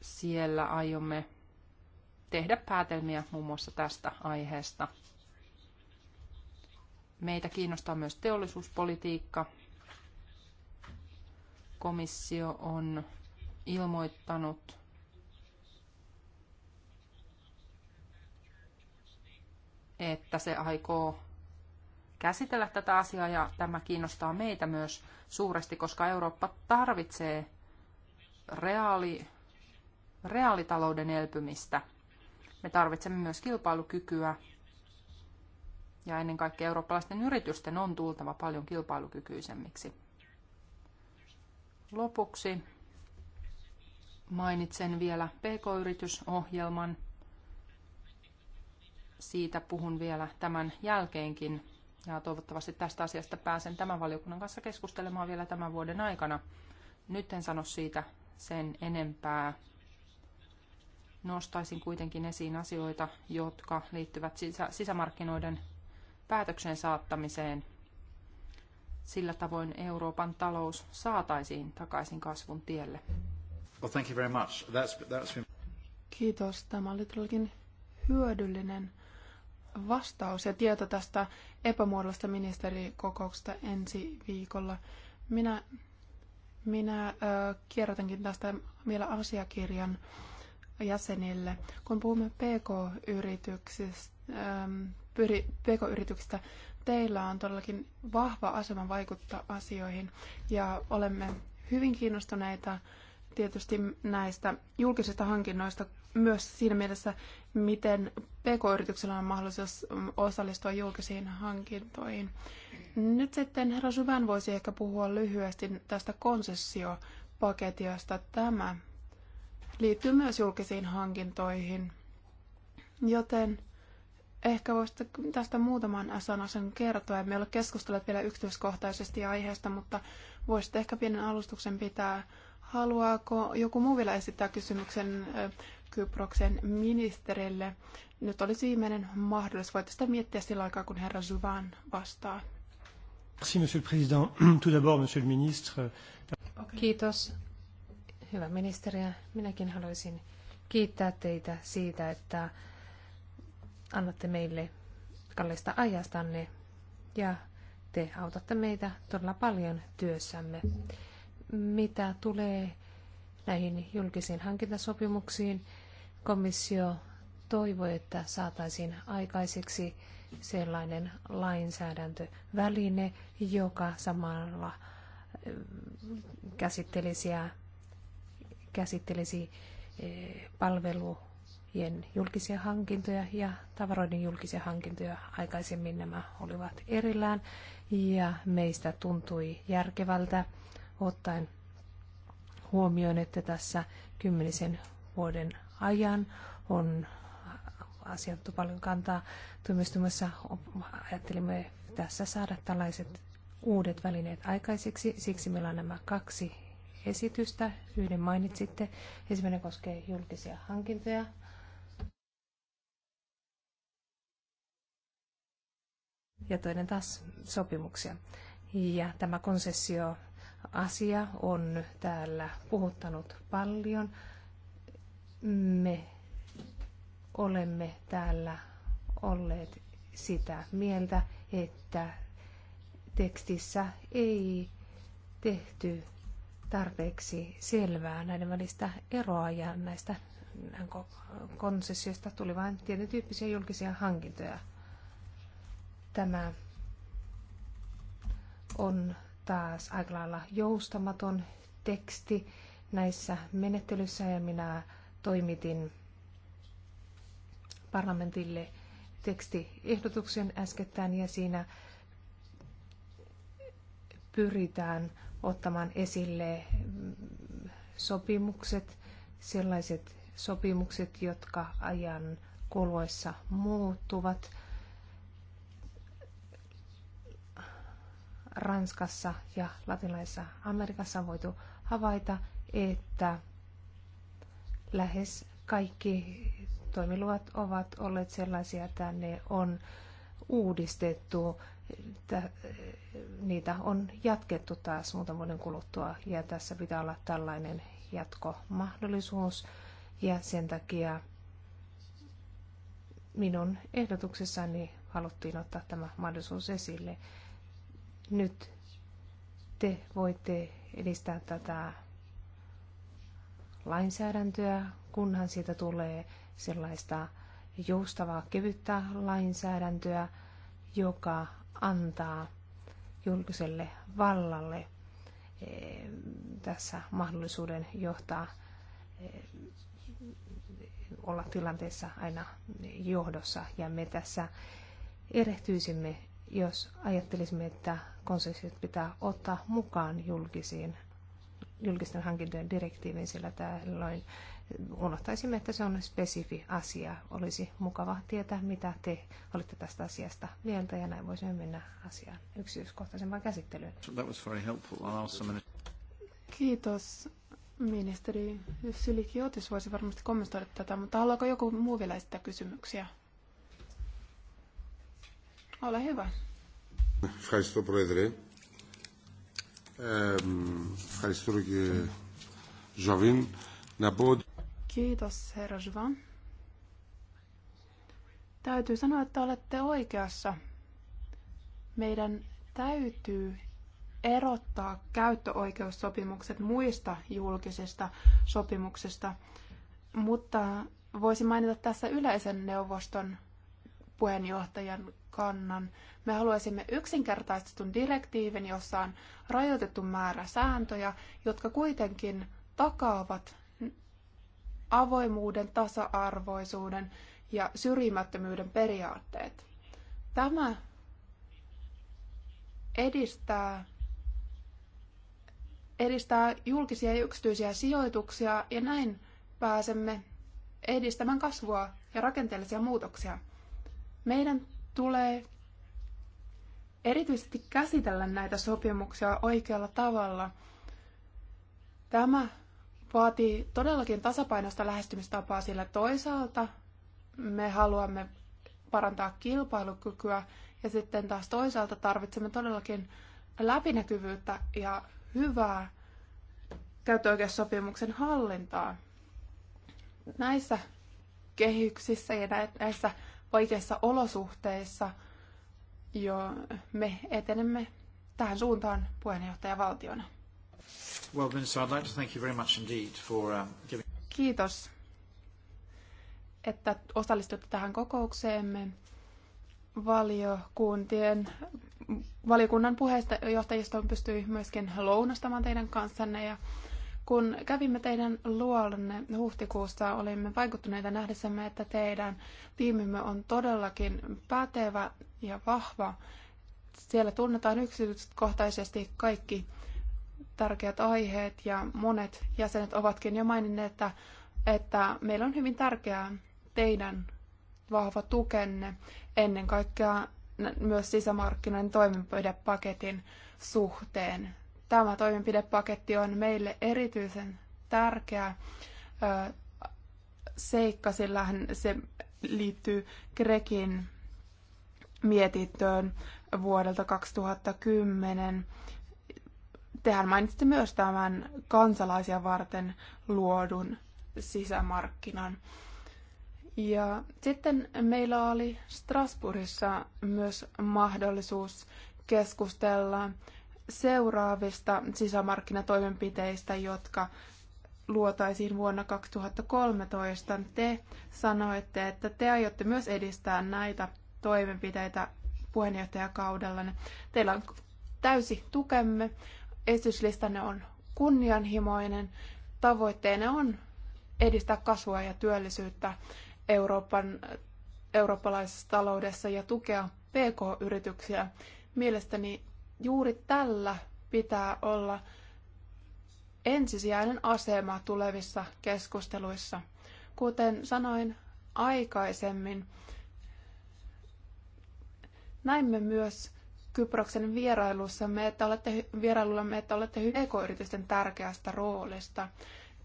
Siellä aiomme tehdä päätelmiä muun muassa tästä aiheesta. Meitä kiinnostaa myös teollisuuspolitiikka. Komissio on ilmoittanut että se aikoo käsitellä tätä asiaa ja tämä kiinnostaa meitä myös suuresti, koska Eurooppa tarvitsee reaali, reaalitalouden elpymistä – me tarvitsemme myös kilpailukykyä ja ennen kaikkea eurooppalaisten yritysten on tultava paljon kilpailukykyisemmiksi. Lopuksi mainitsen vielä PK-yritysohjelman. Siitä puhun vielä tämän jälkeenkin ja toivottavasti tästä asiasta pääsen tämän valiokunnan kanssa keskustelemaan vielä tämän vuoden aikana. Nyt en sano siitä sen enempää nostaisin kuitenkin esiin asioita, jotka liittyvät sisä, sisämarkkinoiden päätöksen saattamiseen. Sillä tavoin Euroopan talous saataisiin takaisin kasvun tielle. Well, thank you very much. That's, that's been... Kiitos. Tämä oli todellakin hyödyllinen vastaus ja tieto tästä epämuodollisesta ministerikokouksesta ensi viikolla. Minä, minä äh, kierrätänkin tästä vielä asiakirjan jäsenille. Kun puhumme PK-yrityksistä, ähm, teillä on todellakin vahva asema vaikuttaa asioihin ja olemme hyvin kiinnostuneita tietysti näistä julkisista hankinnoista myös siinä mielessä, miten PK-yrityksellä on mahdollisuus osallistua julkisiin hankintoihin. Nyt sitten herra Syvän voisi ehkä puhua lyhyesti tästä konsessiopaketiosta. Tämä liittyy myös julkisiin hankintoihin. Joten ehkä voisitte tästä muutaman sanan kertoa. Emme ole keskustelleet vielä yksityiskohtaisesti aiheesta, mutta voisitte ehkä pienen alustuksen pitää. Haluaako joku muu vielä esittää kysymyksen Kyproksen ministerille? Nyt olisi viimeinen mahdollisuus. Voitte sitä miettiä sillä aikaa, kun herra Zuvan vastaa. Merci, monsieur le président. Tout d'abord, monsieur le ministre. Kiitos Hyvä ministeri, minäkin haluaisin kiittää teitä siitä, että annatte meille kallista ajastanne ja te autatte meitä todella paljon työssämme. Mitä tulee näihin julkisiin hankintasopimuksiin, komissio toivoi, että saataisiin aikaiseksi sellainen lainsäädäntöväline, joka samalla käsittelisi käsittelisi eh, palvelujen julkisia hankintoja ja tavaroiden julkisia hankintoja. Aikaisemmin nämä olivat erillään ja meistä tuntui järkevältä ottaen huomioon, että tässä kymmenisen vuoden ajan on asiantu paljon kantaa tuomistumassa. Ajattelimme tässä saada tällaiset uudet välineet aikaiseksi, siksi meillä on nämä kaksi esitystä. Yhden mainitsitte. Ensimmäinen koskee julkisia hankintoja. Ja toinen taas sopimuksia. Ja tämä konsessio-asia on täällä puhuttanut paljon. Me olemme täällä olleet sitä mieltä, että tekstissä ei tehty tarpeeksi selvää näiden välistä eroa ja näistä konsessioista tuli vain tietyn tyyppisiä julkisia hankintoja. Tämä on taas aika lailla joustamaton teksti näissä menettelyissä ja minä toimitin parlamentille tekstiehdotuksen äskettäin ja siinä pyritään ottamaan esille mm, sopimukset, sellaiset sopimukset, jotka ajan kuluessa muuttuvat. Ranskassa ja latinalaisessa Amerikassa on voitu havaita, että lähes kaikki toimiluvat ovat olleet sellaisia, että ne on uudistettu. Niitä on jatkettu taas muutaman vuoden kuluttua ja tässä pitää olla tällainen jatkomahdollisuus ja sen takia minun ehdotuksessani haluttiin ottaa tämä mahdollisuus esille. Nyt te voitte edistää tätä lainsäädäntöä, kunhan siitä tulee sellaista joustavaa, kevyttä lainsäädäntöä, joka antaa julkiselle vallalle eh, tässä mahdollisuuden johtaa eh, olla tilanteessa aina johdossa. Ja me tässä erehtyisimme, jos ajattelisimme, että konsessit pitää ottaa mukaan julkisiin, julkisten hankintojen direktiiviin, sillä tällöin unohtaisimme, että se on spesifi asia. Olisi mukava tietää, mitä te olitte tästä asiasta mieltä, ja näin voisimme mennä asiaan yksityiskohtaisempaan käsittelyyn. Kiitos. Ministeri Sylikki Otis voisi varmasti kommentoida tätä, mutta haluaako joku muu vielä esittää kysymyksiä? Ole hyvä. Ευχαριστώ, Πρόεδρε. Ε, ευχαριστώ και Ζωβίν. Να πω ότι... Kiitos, herra Jva. Täytyy sanoa, että olette oikeassa. Meidän täytyy erottaa käyttöoikeussopimukset muista julkisista sopimuksista, mutta voisin mainita tässä yleisen neuvoston puheenjohtajan kannan. Me haluaisimme yksinkertaistetun direktiivin, jossa on rajoitettu määrä sääntöjä, jotka kuitenkin takaavat avoimuuden, tasa-arvoisuuden ja syrjimättömyyden periaatteet. Tämä edistää, edistää julkisia ja yksityisiä sijoituksia ja näin pääsemme edistämään kasvua ja rakenteellisia muutoksia. Meidän tulee erityisesti käsitellä näitä sopimuksia oikealla tavalla. Tämä vaatii todellakin tasapainosta lähestymistapaa, sillä toisaalta me haluamme parantaa kilpailukykyä ja sitten taas toisaalta tarvitsemme todellakin läpinäkyvyyttä ja hyvää käyttöoikeussopimuksen hallintaa. Näissä kehyksissä ja näissä vaikeissa olosuhteissa jo me etenemme tähän suuntaan puheenjohtajavaltiona. Well, Minister, I'd like to thank you very much indeed for um, giving... Kiitos, että osallistutte tähän kokoukseemme valiokuntien, valiokunnan puheenjohtajisto pystyi myöskin lounastamaan teidän kanssanne ja kun kävimme teidän luollanne huhtikuussa, olimme vaikuttuneita nähdessämme, että teidän tiimimme on todellakin pätevä ja vahva. Siellä tunnetaan yksityiskohtaisesti kaikki tärkeät aiheet ja monet jäsenet ovatkin jo maininneet, että, että meillä on hyvin tärkeää teidän vahva tukenne ennen kaikkea myös sisämarkkinoiden toimenpidepaketin suhteen. Tämä toimenpidepaketti on meille erityisen tärkeä ö, seikka, sillä se liittyy Grekin mietintöön vuodelta 2010 Tehän mainitsitte myös tämän kansalaisia varten luodun sisämarkkinan. Ja sitten meillä oli Strasbourgissa myös mahdollisuus keskustella seuraavista sisämarkkinatoimenpiteistä, jotka luotaisiin vuonna 2013. Te sanoitte, että te aiotte myös edistää näitä toimenpiteitä puheenjohtajakaudella. Teillä on täysi tukemme esityslistanne on kunnianhimoinen. Tavoitteena on edistää kasvua ja työllisyyttä Euroopan, eurooppalaisessa taloudessa ja tukea PK-yrityksiä. Mielestäni juuri tällä pitää olla ensisijainen asema tulevissa keskusteluissa. Kuten sanoin aikaisemmin, näimme myös Kyproksen me, että olette, me, että olette ekoyritysten tärkeästä roolista.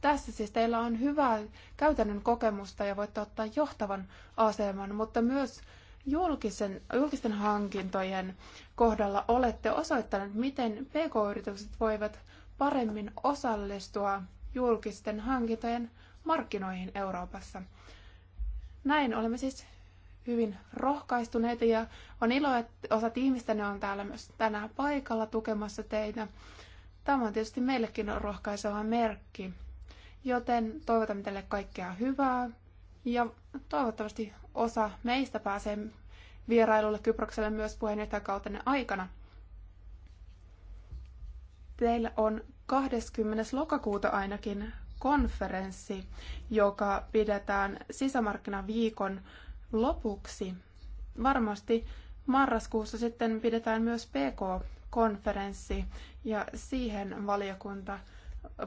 Tässä siis teillä on hyvää käytännön kokemusta ja voitte ottaa johtavan aseman, mutta myös julkisen, julkisten hankintojen kohdalla olette osoittaneet, miten pk-yritykset voivat paremmin osallistua julkisten hankintojen markkinoihin Euroopassa. Näin olemme siis hyvin rohkaistuneita ja on ilo, että osat ihmistä ne on täällä myös tänään paikalla tukemassa teitä. Tämä on tietysti meillekin rohkaiseva merkki. Joten toivotamme teille kaikkea hyvää ja toivottavasti osa meistä pääsee vierailulle Kyprokselle myös kautta aikana. Teillä on 20. lokakuuta ainakin konferenssi, joka pidetään sisämarkkinaviikon viikon Lopuksi varmasti marraskuussa sitten pidetään myös PK-konferenssi ja siihen valiokunta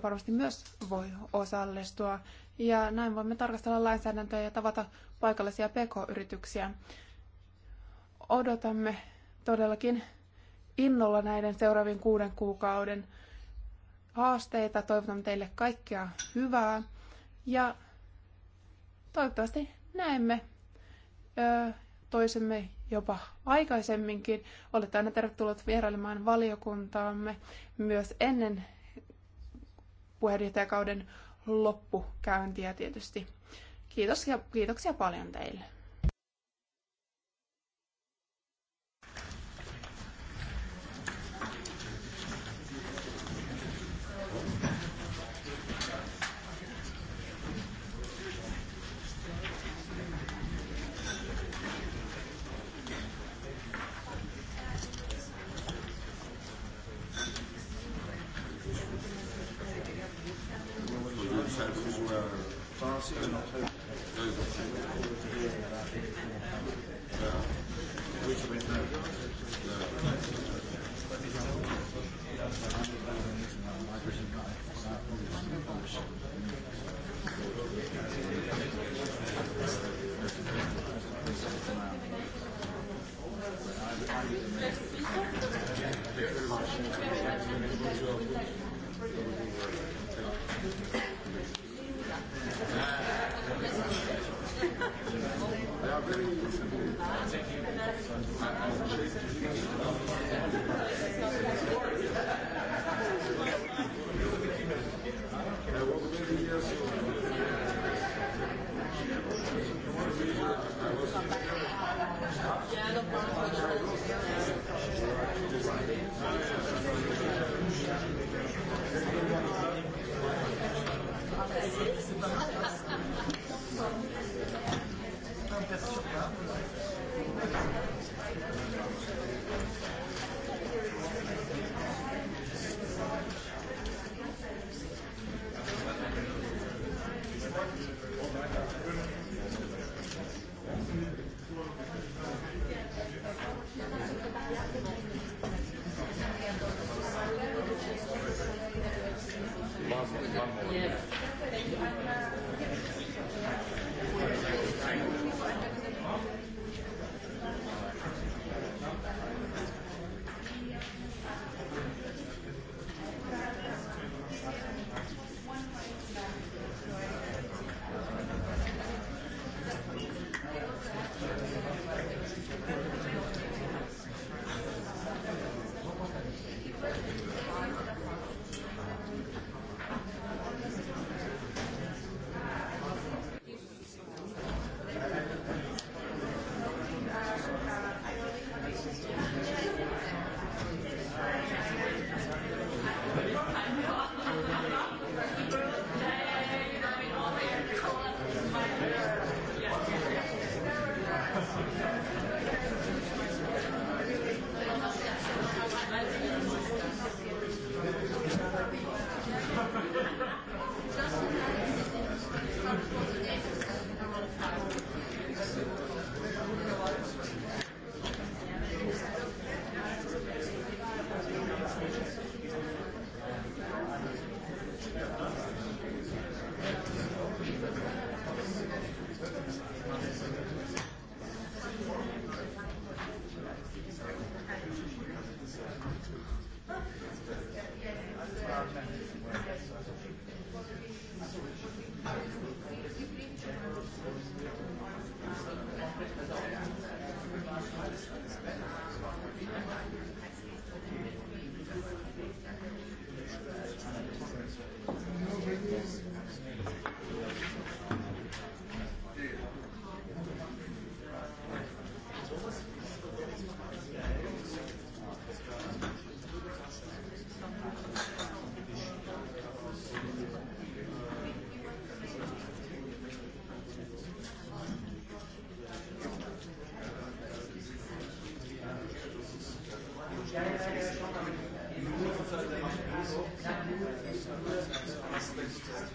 varmasti myös voi osallistua. Ja näin voimme tarkastella lainsäädäntöä ja tavata paikallisia PK-yrityksiä. Odotamme todellakin innolla näiden seuraavien kuuden kuukauden haasteita. Toivotan teille kaikkea hyvää ja toivottavasti näemme toisemme jopa aikaisemminkin. Olette aina tervetulleet vierailemaan valiokuntaamme myös ennen puheenjohtajakauden loppukäyntiä tietysti. Kiitos ja kiitoksia paljon teille. Thank you.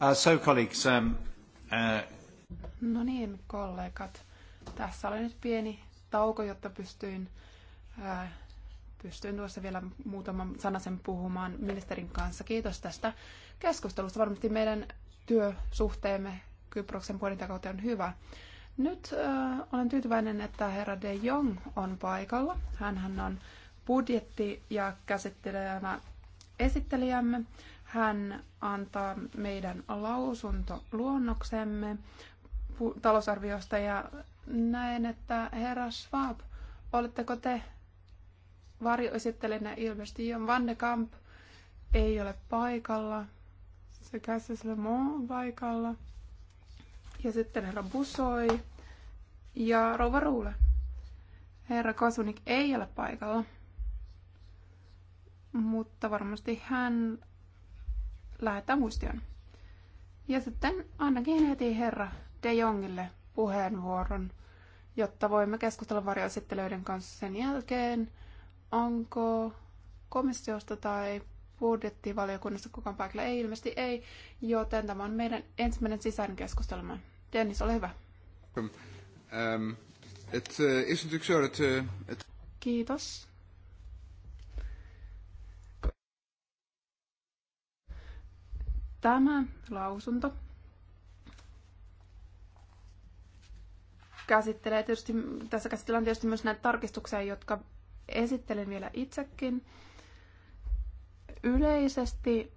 Uh, so colleagues, um, uh... No niin, kollegat. Tässä oli nyt pieni tauko, jotta pystyin, ää, äh, uh, pystyin tuossa vielä muutaman sanasen puhumaan ministerin kanssa. Kiitos tästä keskustelusta. Varmasti meidän työsuhteemme Kyproksen puolintakautta on hyvä. Nyt ää, äh, uh, olen tyytyväinen, että herra De Jong on paikalla. Hänhän on budjetti- ja käsittelevä esittelijämme. Hän antaa meidän lausunto luonnoksemme talousarviosta ja näen, että herra Schwab, oletteko te varjoesittelijänä ilmeisesti Jon Van de Kamp ei ole paikalla, sekä Seslemon on paikalla, ja sitten herra Busoi ja rouva Ruule. Herra Kasunik ei ole paikalla, mutta varmasti hän lähettää muistion. Ja sitten annakin heti herra De Jongille puheenvuoron, jotta voimme keskustella varjoesittelyiden kanssa sen jälkeen. Onko komissiosta tai budjettivaliokunnasta kukaan paikalla? Ei, ilmeisesti ei, joten tämä on meidän ensimmäinen sisäinen keskustelma. Dennis, ole hyvä. Um, um et, uh, uh, et... Kiitos. Tämä lausunto käsittelee tietysti, tässä käsitellään tietysti myös näitä tarkistuksia, jotka esittelen vielä itsekin. Yleisesti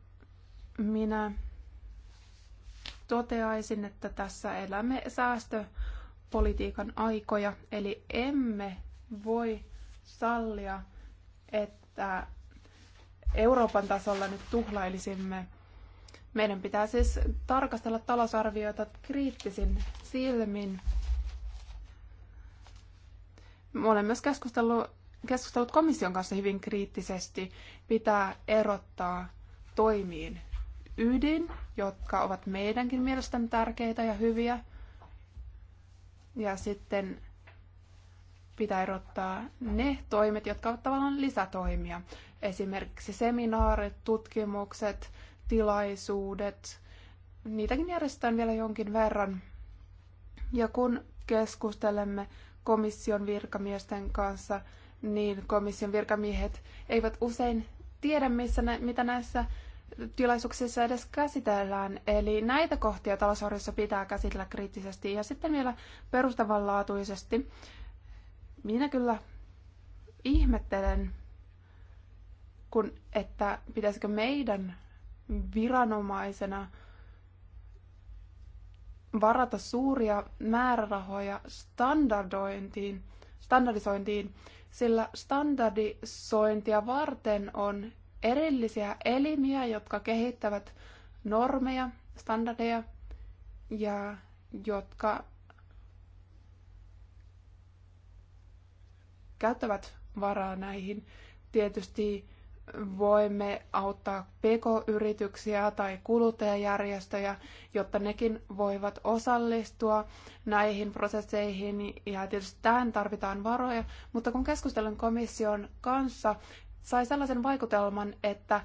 minä toteaisin, että tässä elämme säästöpolitiikan aikoja, eli emme voi sallia, että Euroopan tasolla nyt tuhlailisimme meidän pitää siis tarkastella talousarvioita kriittisin silmin. Olen myös keskustellut, keskustellut komission kanssa hyvin kriittisesti. Pitää erottaa toimiin ydin, jotka ovat meidänkin mielestämme tärkeitä ja hyviä. Ja sitten pitää erottaa ne toimet, jotka ovat tavallaan lisätoimia. Esimerkiksi seminaarit, tutkimukset, tilaisuudet. Niitäkin järjestetään vielä jonkin verran. Ja kun keskustelemme komission virkamiesten kanssa, niin komission virkamiehet eivät usein tiedä, missä ne, mitä näissä tilaisuuksissa edes käsitellään. Eli näitä kohtia talousarviossa pitää käsitellä kriittisesti ja sitten vielä perustavanlaatuisesti. Minä kyllä ihmettelen, kun, että pitäisikö meidän viranomaisena varata suuria määrärahoja standardointiin, standardisointiin, sillä standardisointia varten on erillisiä elimiä, jotka kehittävät normeja, standardeja ja jotka käyttävät varaa näihin. Tietysti voimme auttaa pk-yrityksiä tai kuluttajajärjestöjä, jotta nekin voivat osallistua näihin prosesseihin. Ja tietysti tähän tarvitaan varoja, mutta kun keskustelen komission kanssa, sai sellaisen vaikutelman, että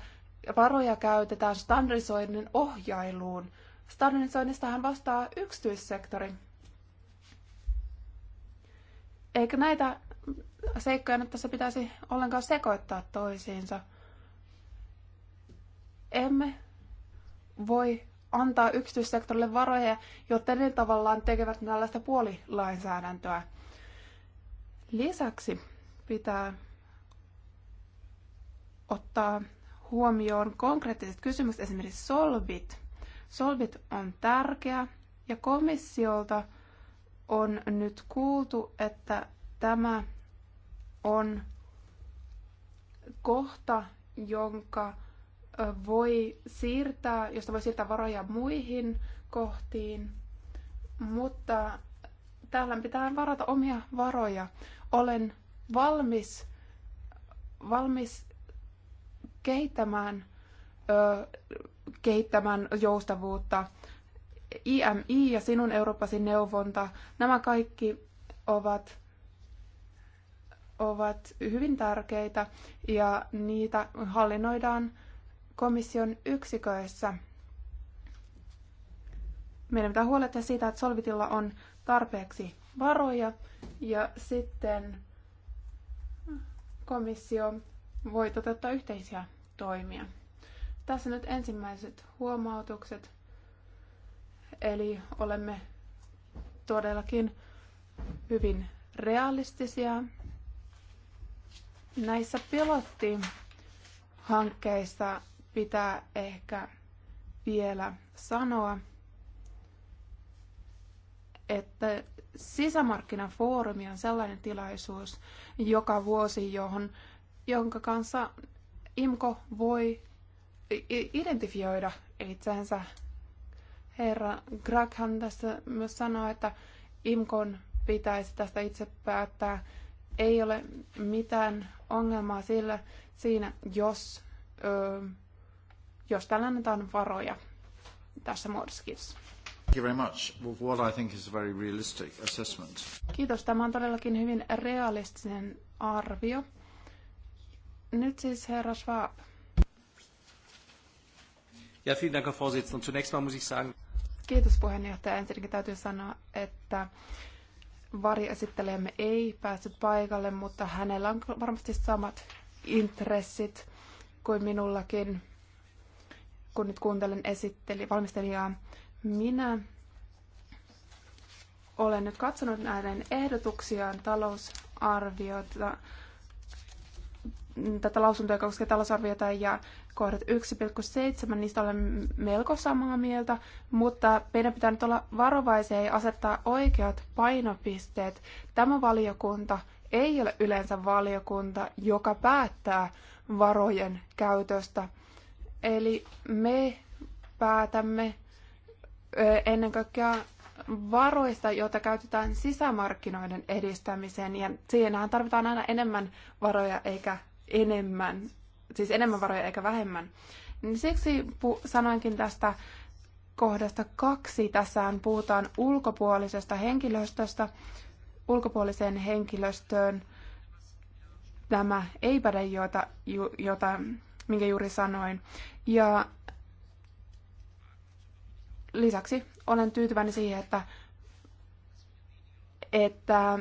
varoja käytetään standardisoinnin ohjailuun. Standardisoinnistahan vastaa yksityissektori. Eikö näitä seikkoja nyt tässä pitäisi ollenkaan sekoittaa toisiinsa. Emme voi antaa yksityissektorille varoja, jotta ne tavallaan tekevät tällaista puolilainsäädäntöä. Lisäksi pitää ottaa huomioon konkreettiset kysymykset, esimerkiksi solvit. Solvit on tärkeä ja komissiolta on nyt kuultu, että tämä on kohta, jonka voi siirtää, josta voi siirtää varoja muihin kohtiin, mutta täällä pitää varata omia varoja. Olen valmis, valmis kehittämään, ö, kehittämään joustavuutta. IMI ja sinun Euroopasi neuvonta, nämä kaikki ovat ovat hyvin tärkeitä ja niitä hallinnoidaan komission yksiköissä. Meidän pitää huolehtia siitä, että Solvitilla on tarpeeksi varoja ja sitten komissio voi toteuttaa yhteisiä toimia. Tässä nyt ensimmäiset huomautukset. Eli olemme todellakin hyvin realistisia Näissä pilottihankkeissa pitää ehkä vielä sanoa, että sisämarkkinafoorumi on sellainen tilaisuus joka vuosi, johon, jonka kanssa IMKO voi identifioida itsensä. Herra Graghan tässä myös sanoi, että IMKON pitäisi tästä itse päättää. Ei ole mitään ongelmaa sillä, siinä, jos, ö, jos tällä annetaan varoja tässä muodossa. Kiitos. Kiitos. Tämä on todellakin hyvin realistinen arvio. Nyt siis herra Schwab. Ja, vielen Dank, Herr Vorsitzender. Zunächst mal muss ich sagen... Kiitos puheenjohtaja. Ensinnäkin täytyy sanoa, että variesittelijämme ei päässyt paikalle, mutta hänellä on varmasti samat intressit kuin minullakin, kun nyt kuuntelen esitteli, valmistelijaa. Minä olen nyt katsonut näiden ehdotuksiaan talousarviota tätä lausuntoa, koskee talousarviota ja kohdat 1,7, niistä olen melko samaa mieltä, mutta meidän pitää nyt olla varovaisia ja asettaa oikeat painopisteet. Tämä valiokunta ei ole yleensä valiokunta, joka päättää varojen käytöstä. Eli me päätämme ennen kaikkea varoista, joita käytetään sisämarkkinoiden edistämiseen. Ja siinähän tarvitaan aina enemmän varoja eikä enemmän, siis enemmän varoja eikä vähemmän. Niin siksi sanoinkin tästä kohdasta kaksi. Tässähän puhutaan ulkopuolisesta henkilöstöstä, ulkopuoliseen henkilöstöön. Tämä ei päde, jota, jota, minkä juuri sanoin. Ja lisäksi olen tyytyväinen siihen, että, että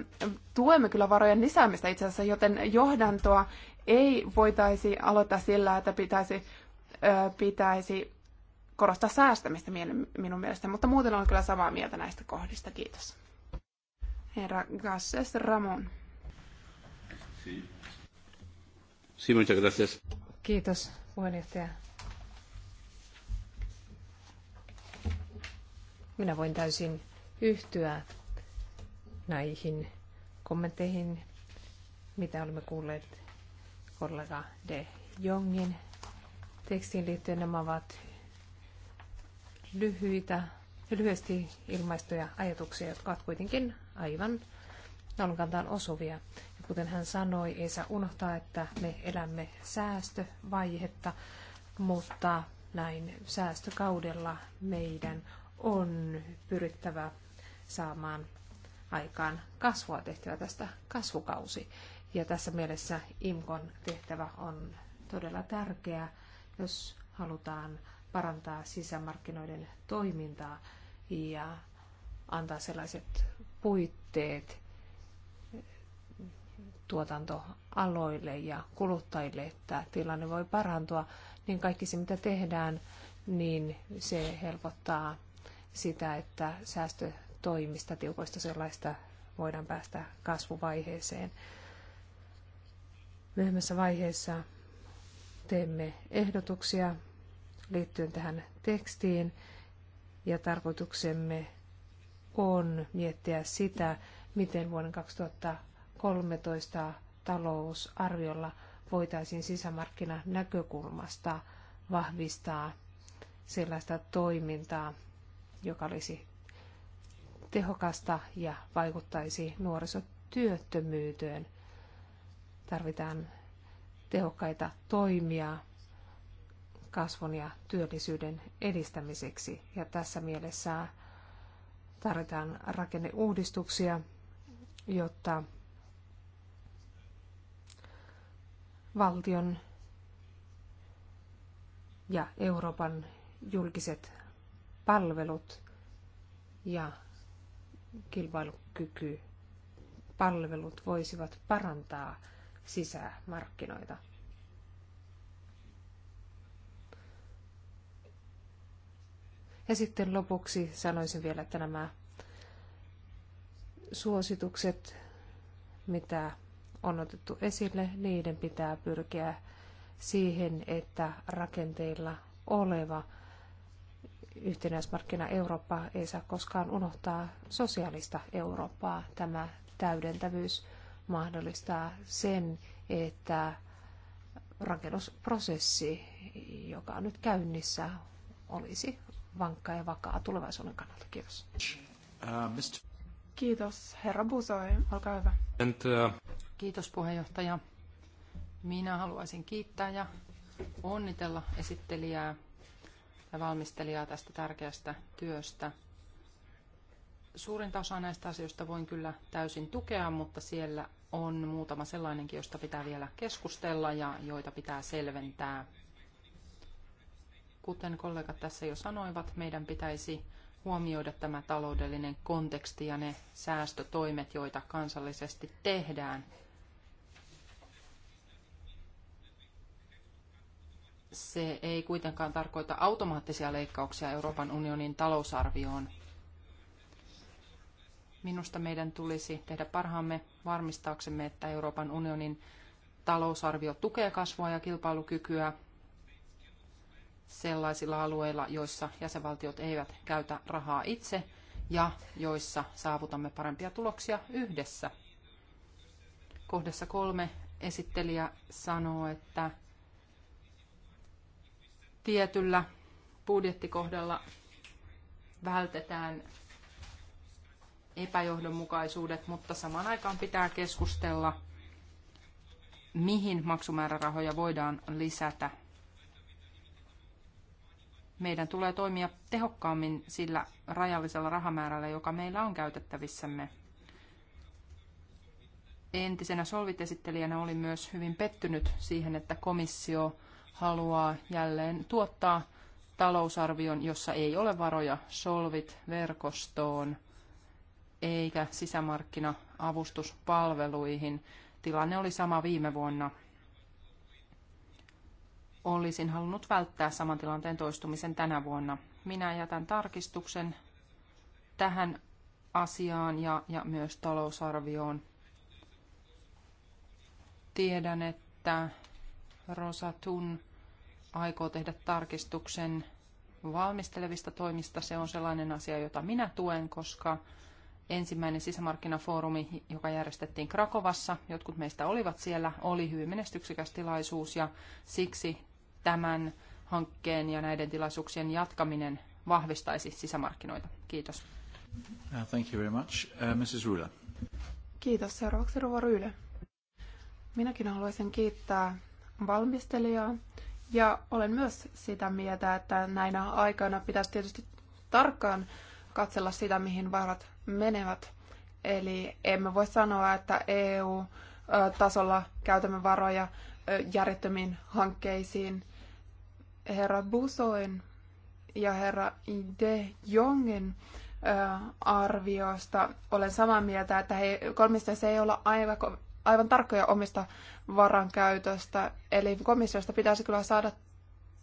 tuemme kyllä varojen lisäämistä itse asiassa, joten johdantoa ei voitaisi aloittaa sillä, että pitäisi, pitäisi korostaa säästämistä minun mielestäni, mutta muuten olen kyllä samaa mieltä näistä kohdista. Kiitos. Herra Gasses Ramon. Kiitos puheenjohtaja. Minä voin täysin yhtyä näihin kommentteihin, mitä olemme kuulleet kollega De Jongin tekstiin liittyen. Nämä ovat lyhyitä, lyhyesti ilmaistuja ajatuksia, jotka ovat kuitenkin aivan alkantaan osuvia. Ja kuten hän sanoi, ei saa unohtaa, että me elämme säästövaihetta, mutta näin säästökaudella meidän on pyrittävä saamaan aikaan kasvua tehtävä tästä kasvukausi. Ja tässä mielessä IMKON tehtävä on todella tärkeä, jos halutaan parantaa sisämarkkinoiden toimintaa ja antaa sellaiset puitteet tuotantoaloille ja kuluttajille, että tilanne voi parantua, niin kaikki se mitä tehdään, niin se helpottaa sitä, että säästötoimista, tiukoista sellaista, voidaan päästä kasvuvaiheeseen. Myöhemmässä vaiheessa teemme ehdotuksia liittyen tähän tekstiin ja tarkoituksemme on miettiä sitä, miten vuoden 2013 talousarviolla voitaisiin sisämarkkina näkökulmasta vahvistaa sellaista toimintaa, joka olisi tehokasta ja vaikuttaisi nuorisotyöttömyyteen. Tarvitaan tehokkaita toimia kasvun ja työllisyyden edistämiseksi. Ja tässä mielessä tarvitaan rakenneuudistuksia, jotta valtion ja Euroopan julkiset palvelut ja kilpailukyky palvelut voisivat parantaa sisämarkkinoita. Ja sitten lopuksi sanoisin vielä, että nämä suositukset, mitä on otettu esille, niiden pitää pyrkiä siihen, että rakenteilla oleva yhtenäismarkkina Eurooppa ei saa koskaan unohtaa sosiaalista Eurooppaa. Tämä täydentävyys mahdollistaa sen, että rakennusprosessi, joka on nyt käynnissä, olisi vankka ja vakaa tulevaisuuden kannalta. Kiitos. Äh, Kiitos. Herra Busoi, olkaa hyvä. Äh, Kiitos puheenjohtaja. Minä haluaisin kiittää ja onnitella esittelijää ja valmistelijaa tästä tärkeästä työstä. Suurinta osaa näistä asioista voin kyllä täysin tukea, mutta siellä on muutama sellainenkin, josta pitää vielä keskustella ja joita pitää selventää. Kuten kollegat tässä jo sanoivat, meidän pitäisi huomioida tämä taloudellinen konteksti ja ne säästötoimet, joita kansallisesti tehdään – se ei kuitenkaan tarkoita automaattisia leikkauksia Euroopan unionin talousarvioon. Minusta meidän tulisi tehdä parhaamme varmistaaksemme, että Euroopan unionin talousarvio tukee kasvua ja kilpailukykyä sellaisilla alueilla, joissa jäsenvaltiot eivät käytä rahaa itse ja joissa saavutamme parempia tuloksia yhdessä. Kohdassa kolme esittelijä sanoo, että tietyllä budjettikohdalla vältetään epäjohdonmukaisuudet, mutta samaan aikaan pitää keskustella, mihin maksumäärärahoja voidaan lisätä. Meidän tulee toimia tehokkaammin sillä rajallisella rahamäärällä, joka meillä on käytettävissämme. Entisenä solvitesittelijänä olin myös hyvin pettynyt siihen, että komissio haluaa jälleen tuottaa talousarvion, jossa ei ole varoja solvit-verkostoon eikä sisämarkkina-avustuspalveluihin. Tilanne oli sama viime vuonna. Olisin halunnut välttää saman tilanteen toistumisen tänä vuonna. Minä jätän tarkistuksen tähän asiaan ja, ja myös talousarvioon. Tiedän, että Rosatun aikoo tehdä tarkistuksen valmistelevista toimista. Se on sellainen asia, jota minä tuen, koska ensimmäinen sisämarkkinafoorumi, joka järjestettiin Krakovassa, jotkut meistä olivat siellä, oli hyvin menestyksekäs tilaisuus ja siksi tämän hankkeen ja näiden tilaisuuksien jatkaminen vahvistaisi sisämarkkinoita. Kiitos. Uh, thank you very much. Uh, Mrs. Rula. Kiitos. Seuraavaksi Rova Minäkin haluaisin kiittää valmistelijaa ja olen myös sitä mieltä, että näinä aikoina pitäisi tietysti tarkkaan katsella sitä, mihin varat menevät. Eli emme voi sanoa, että EU-tasolla käytämme varoja järjettömiin hankkeisiin. Herra Busoin ja herra De Jongin arviosta olen samaa mieltä, että he, kolmista se ei olla aivan aivan tarkkoja omista varankäytöstä, eli komissiosta pitäisi kyllä saada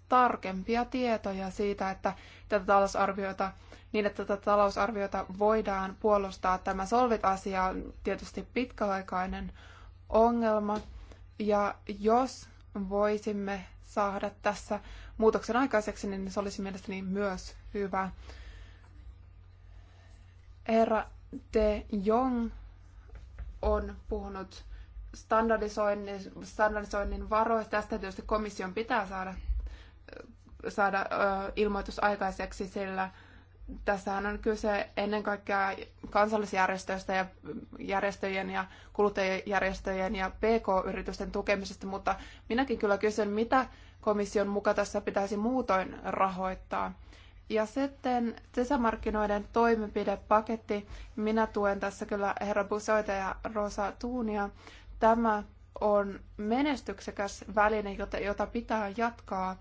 tarkempia tietoja siitä, että tätä talousarviota, niin että tätä talousarviota voidaan puolustaa. Tämä Solvit-asia on tietysti pitkäaikainen ongelma, ja jos voisimme saada tässä muutoksen aikaiseksi, niin se olisi mielestäni myös hyvä. Herra De Jong on puhunut standardisoinnin, standardisoinnin varoista. Tästä tietysti komission pitää saada, saada ö, ilmoitus aikaiseksi, sillä tässähän on kyse ennen kaikkea kansallisjärjestöistä ja järjestöjen ja kuluttajajärjestöjen ja PK-yritysten tukemisesta, mutta minäkin kyllä kysyn, mitä komission muka tässä pitäisi muutoin rahoittaa. Ja sitten sisämarkkinoiden toimenpidepaketti. Minä tuen tässä kyllä herra Busoita ja Rosa Tuunia. Tämä on menestyksekäs väline, jota, jota pitää jatkaa.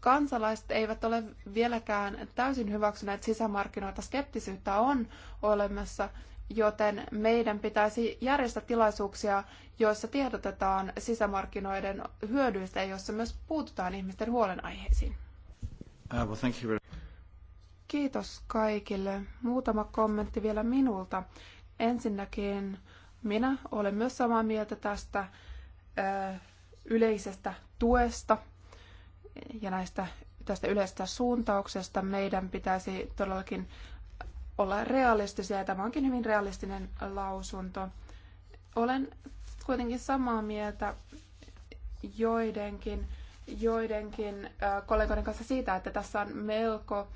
Kansalaiset eivät ole vieläkään täysin hyväksyneet sisämarkkinoita. Skeptisyyttä on olemassa, joten meidän pitäisi järjestää tilaisuuksia, joissa tiedotetaan sisämarkkinoiden hyödyistä ja joissa myös puututaan ihmisten huolenaiheisiin. Uh, well, thank you very... Kiitos kaikille. Muutama kommentti vielä minulta. Ensinnäkin minä olen myös samaa mieltä tästä yleisestä tuesta ja näistä, tästä yleisestä suuntauksesta. Meidän pitäisi todellakin olla realistisia, ja tämä onkin hyvin realistinen lausunto. Olen kuitenkin samaa mieltä joidenkin, joidenkin kollegoiden kanssa siitä, että tässä on melko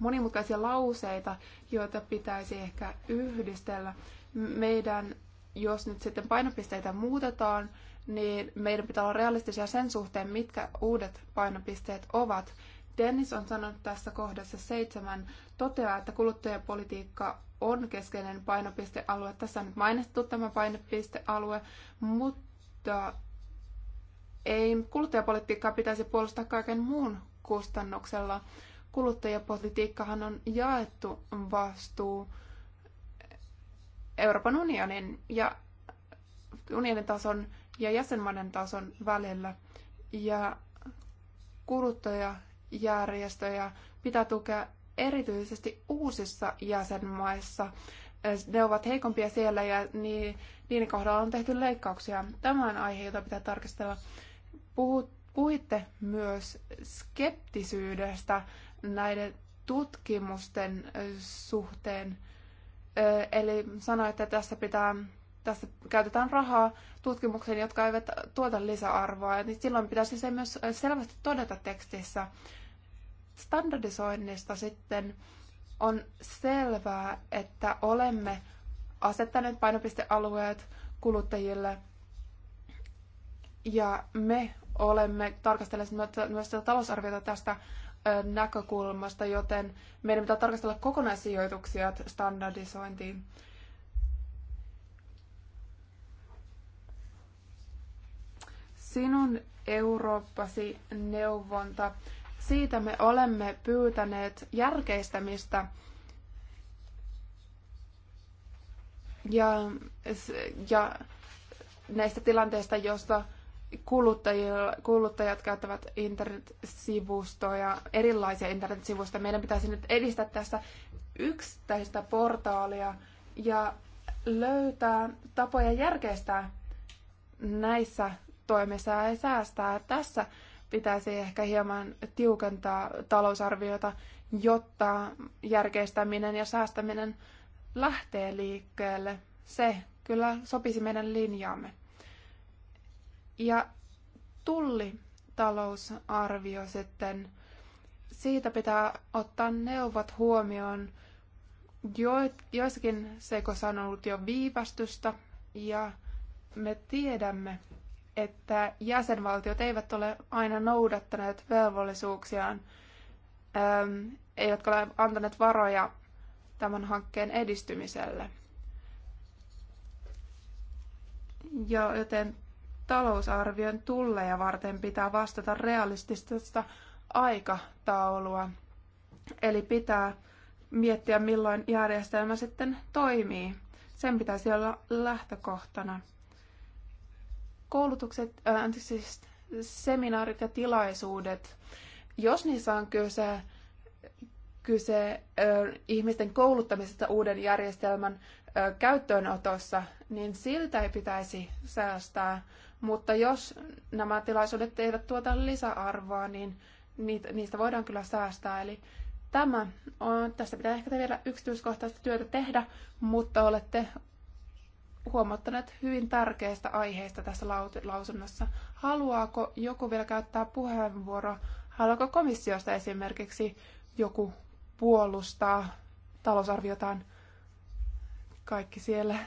monimutkaisia lauseita, joita pitäisi ehkä yhdistellä. Meidän, jos nyt sitten painopisteitä muutetaan, niin meidän pitää olla realistisia sen suhteen, mitkä uudet painopisteet ovat. Dennis on sanonut tässä kohdassa seitsemän, toteaa, että kuluttajapolitiikka on keskeinen painopistealue. Tässä on nyt mainittu tämä painopistealue, mutta ei kuluttajapolitiikkaa pitäisi puolustaa kaiken muun kustannuksella kuluttajapolitiikkahan on jaettu vastuu Euroopan unionin ja unionin tason ja jäsenmaiden tason välillä. Ja kuluttajajärjestöjä pitää tukea erityisesti uusissa jäsenmaissa. Ne ovat heikompia siellä ja niiden kohdalla on tehty leikkauksia. Tämä on aihe, jota pitää tarkastella. Puhut, puhuitte myös skeptisyydestä näiden tutkimusten suhteen. Eli sanoi, että tässä pitää tässä käytetään rahaa tutkimukseen, jotka eivät tuota lisäarvoa, niin silloin pitäisi se myös selvästi todeta tekstissä. Standardisoinnista sitten on selvää, että olemme asettaneet painopistealueet kuluttajille ja me olemme tarkastelleet myös talousarviota tästä näkökulmasta, joten meidän pitää tarkastella kokonaissijoituksia standardisointiin. Sinun Eurooppasi neuvonta. Siitä me olemme pyytäneet järkeistämistä ja, ja näistä tilanteista, joista kuluttajat käyttävät internetsivustoja, erilaisia internetsivustoja. Meidän pitäisi nyt edistää tässä yksittäistä portaalia ja löytää tapoja järkeistää näissä toimissa ja säästää. Tässä pitäisi ehkä hieman tiukentaa talousarviota, jotta järkeistäminen ja säästäminen lähtee liikkeelle. Se kyllä sopisi meidän linjaamme. Ja talousarvio, sitten, siitä pitää ottaa neuvot huomioon. Jo, joissakin seikossa on ollut jo viivästystä ja me tiedämme, että jäsenvaltiot eivät ole aina noudattaneet velvollisuuksiaan, ähm, eivätkä ole antaneet varoja tämän hankkeen edistymiselle. Ja joten talousarvion tulleja varten pitää vastata realistista aikataulua. Eli pitää miettiä, milloin järjestelmä sitten toimii. Sen pitäisi olla lähtökohtana. Koulutukset, äh, siis seminaarit ja tilaisuudet, jos niissä on kyse, kyse äh, ihmisten kouluttamisesta uuden järjestelmän äh, käyttöönotossa, niin siltä ei pitäisi säästää, mutta jos nämä tilaisuudet eivät tuota lisäarvoa, niin niistä voidaan kyllä säästää. Eli tämä on, tästä pitää ehkä vielä yksityiskohtaista työtä tehdä, mutta olette huomattaneet hyvin tärkeistä aiheista tässä lausunnossa. Haluaako joku vielä käyttää puheenvuoro? Haluaako komissiosta esimerkiksi joku puolustaa talousarviotaan? Kaikki siellä,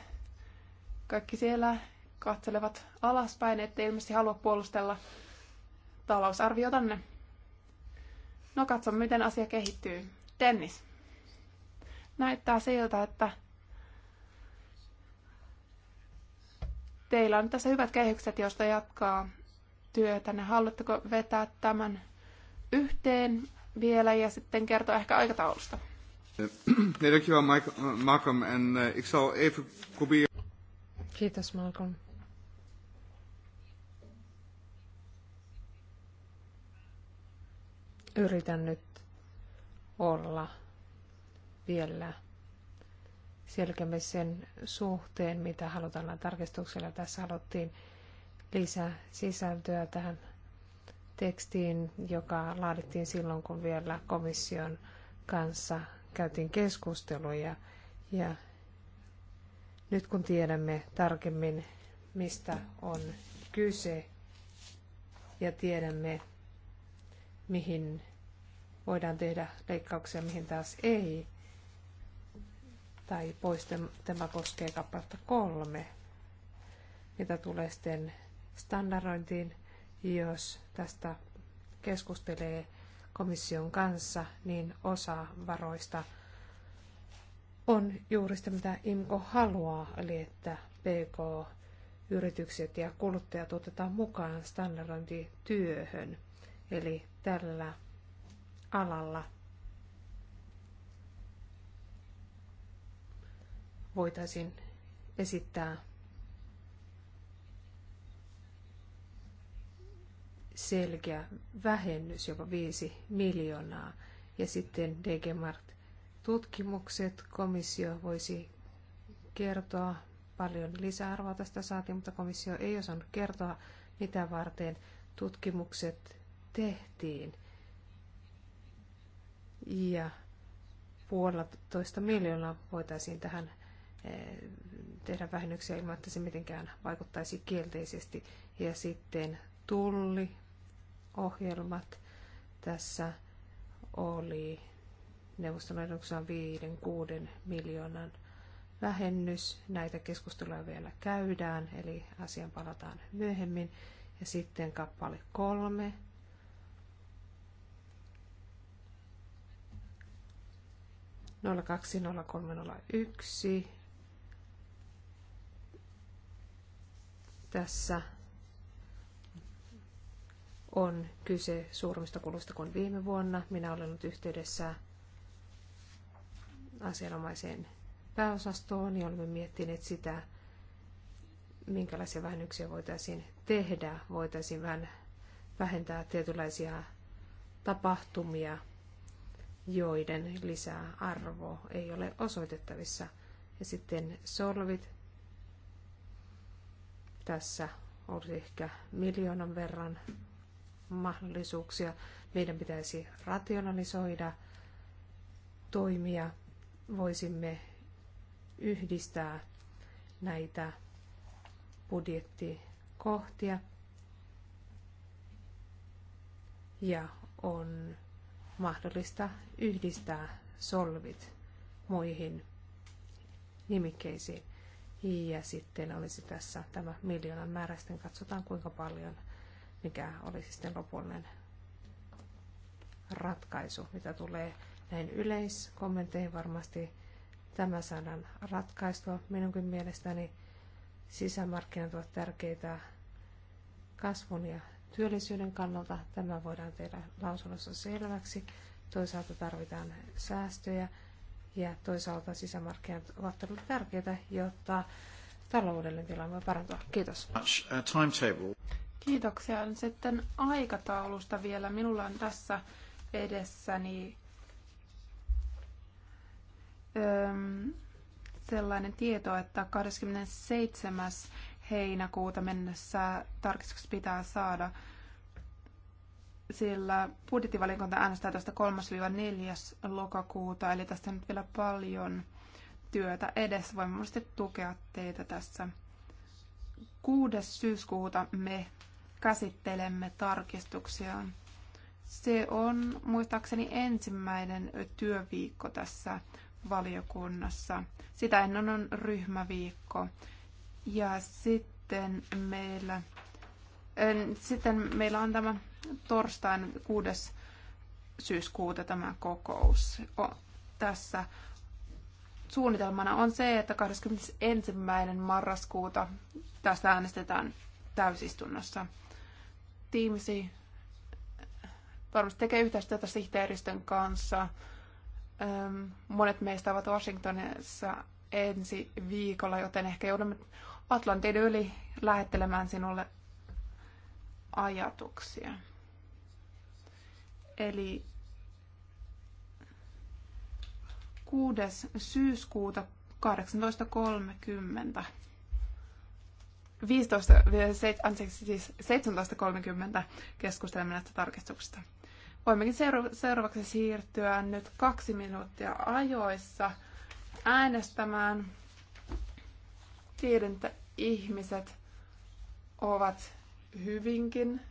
kaikki siellä katselevat alaspäin, ettei ilmeisesti halua puolustella talousarviotanne. No katsomme, miten asia kehittyy. Tennis. Näyttää siltä, että teillä on tässä hyvät kehykset, joista jatkaa työtä. Ne haluatteko vetää tämän yhteen vielä ja sitten kertoa ehkä aikataulusta? Nee, eh, <clears throat> dankjewel uh, Malcolm. En uh, ik zal even proberen... Kiitos Malcolm. Yritän nyt olla vielä selkeämme sen suhteen, mitä halutaan tarkistuksella. Tässä haluttiin lisää sisältöä tähän tekstiin, joka laadittiin silloin, kun vielä komission kanssa käytiin keskusteluja. Ja nyt kun tiedämme tarkemmin, mistä on kyse ja tiedämme, mihin voidaan tehdä leikkauksia, mihin taas ei. Tai pois tämä koskee kappaletta kolme, mitä tulee sitten standardointiin, jos tästä keskustelee komission kanssa, niin osa varoista on juuri sitä, mitä IMKO haluaa, eli että PK-yritykset ja kuluttajat otetaan mukaan standardointityöhön. Eli tällä alalla voitaisiin esittää selkeä vähennys, jopa 5 miljoonaa. Ja sitten Degemart tutkimukset komissio voisi kertoa paljon lisäarvoa tästä saatiin, mutta komissio ei osannut kertoa, mitä varten tutkimukset tehtiin. Ja puolitoista miljoonaa voitaisiin tähän eh, tehdä vähennyksiä ilman, että se mitenkään vaikuttaisi kielteisesti. Ja sitten ohjelmat Tässä oli neuvoston eduksena 5-6 miljoonan vähennys. Näitä keskusteluja vielä käydään, eli asiaan palataan myöhemmin. Ja sitten kappale kolme 020301. Tässä on kyse suuremmista kuluista kuin viime vuonna. Minä olen ollut yhteydessä asianomaiseen pääosastoon ja olemme miettineet sitä, minkälaisia vähennyksiä voitaisiin tehdä. Voitaisiin vähän vähentää tietynlaisia tapahtumia, joiden lisää arvo ei ole osoitettavissa. Ja sitten solvit. Tässä olisi ehkä miljoonan verran mahdollisuuksia. Meidän pitäisi rationalisoida toimia. Voisimme yhdistää näitä budjettikohtia. Ja on mahdollista yhdistää solvit muihin nimikkeisiin. Ja sitten olisi tässä tämä miljoonan määrä, sitten katsotaan kuinka paljon, mikä olisi sitten lopullinen ratkaisu, mitä tulee näin yleiskommentteihin varmasti tämä saadaan ratkaistua. Minunkin mielestäni sisämarkkinat ovat tärkeitä kasvun ja työllisyyden kannalta. Tämä voidaan tehdä lausunnossa selväksi. Toisaalta tarvitaan säästöjä ja toisaalta sisämarkkinat ovat todella tärkeitä, jotta taloudellinen tilanne voi parantua. Kiitos. Uh, Kiitoksia. Sitten aikataulusta vielä. Minulla on tässä edessäni öm, sellainen tieto, että 27 heinäkuuta mennessä tarkistukset pitää saada, sillä budjettivaliokunta äänestää tästä 3-4. lokakuuta, eli tästä on nyt vielä paljon työtä edessä. Voimme varmasti tukea teitä tässä. 6. syyskuuta me käsittelemme tarkistuksia. Se on muistaakseni ensimmäinen työviikko tässä valiokunnassa. Sitä ennen on ryhmäviikko. Ja sitten meillä, sitten meillä on tämä torstain 6. syyskuuta tämä kokous. O, tässä suunnitelmana on se, että 21. marraskuuta tästä äänestetään täysistunnossa. Tiimisi varmasti tekee yhteistyötä sihteeristön kanssa. Monet meistä ovat Washingtonissa ensi viikolla, joten ehkä joudumme Atlantin yli lähettelemään sinulle ajatuksia. Eli 6. syyskuuta 18.30. 15, anteeksi, siis 17.30 keskustelemme näistä tarkistuksista. Voimmekin seuraavaksi siirtyä nyt kaksi minuuttia ajoissa äänestämään. Tiedän, ihmiset ovat hyvinkin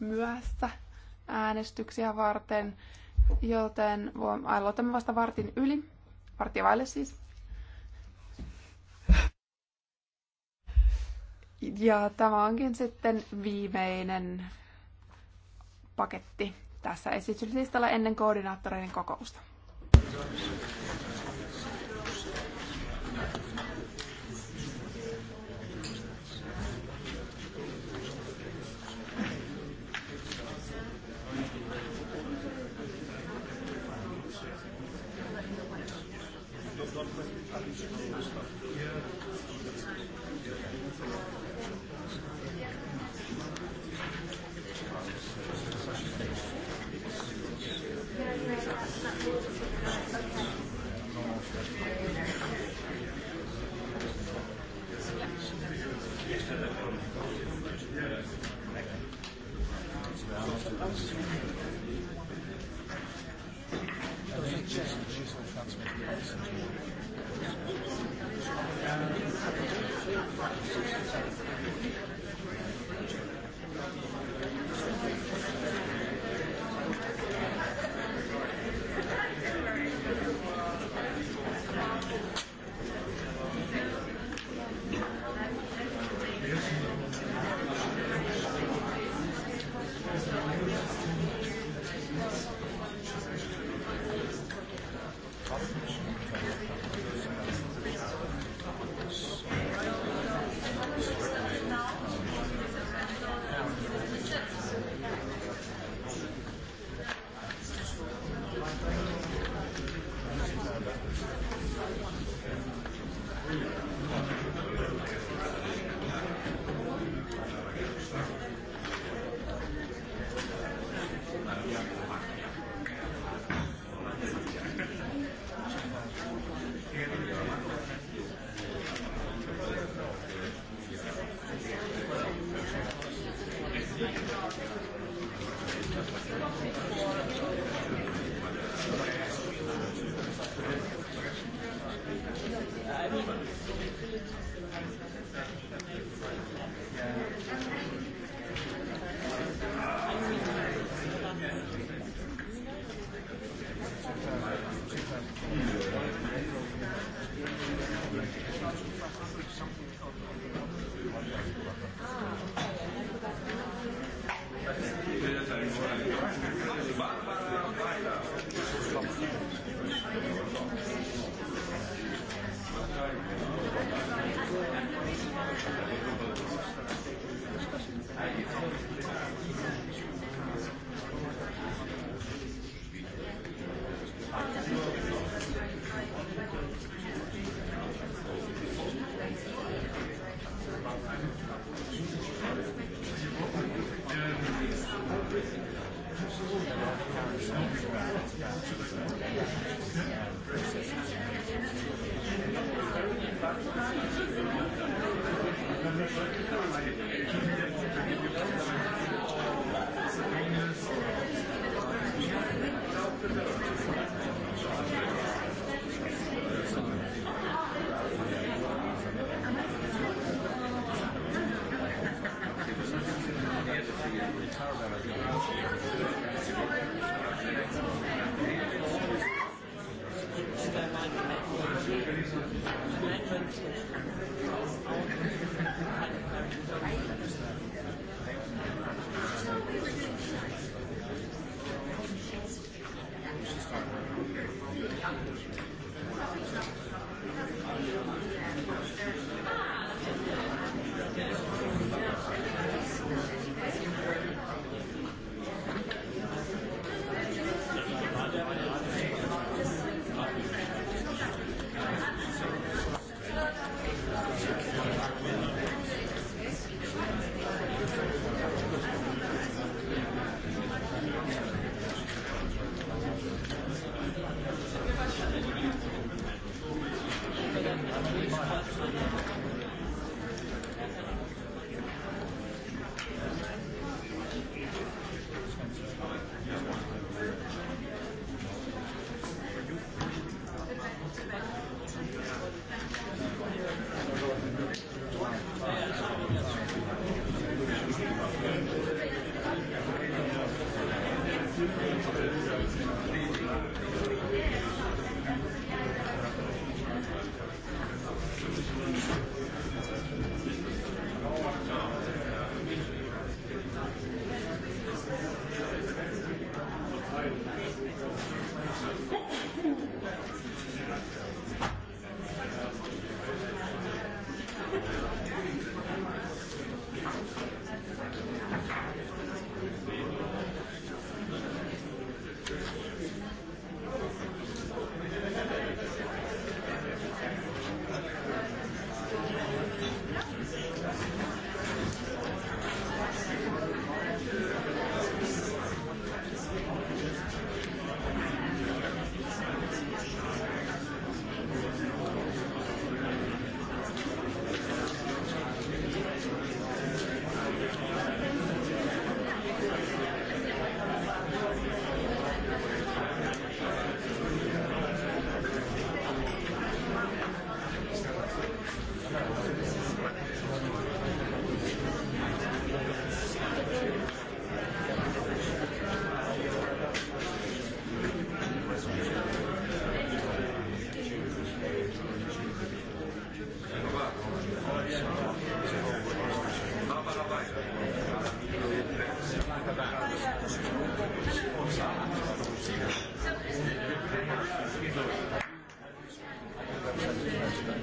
myöhässä äänestyksiä varten, joten aloitamme vasta vartin yli, varttia siis. Ja tämä onkin sitten viimeinen paketti tässä esityslistalla ennen koordinaattoreiden kokousta.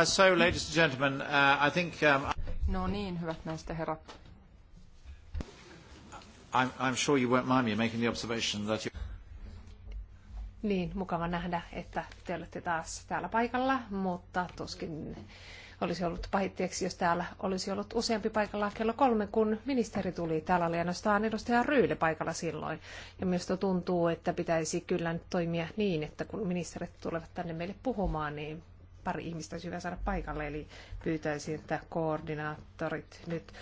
Uh, so, ladies and gentlemen, uh, I think... Um, no niin, hyvät naiset ja herrat. I'm, I'm sure you won't mind me making the observation that you... Niin, mukava nähdä, että te olette taas täällä paikalla, mutta tuskin olisi ollut pahitteeksi, jos täällä olisi ollut useampi paikalla kello kolme, kun ministeri tuli. Täällä oli ainoastaan edustaja Ryyle paikalla silloin. Ja minusta tuntuu, että pitäisi kyllä nyt toimia niin, että kun ministerit tulevat tänne meille puhumaan, niin pari ihmistä olisi hyvä saada paikalle, eli pyytäisin, että koordinaattorit nyt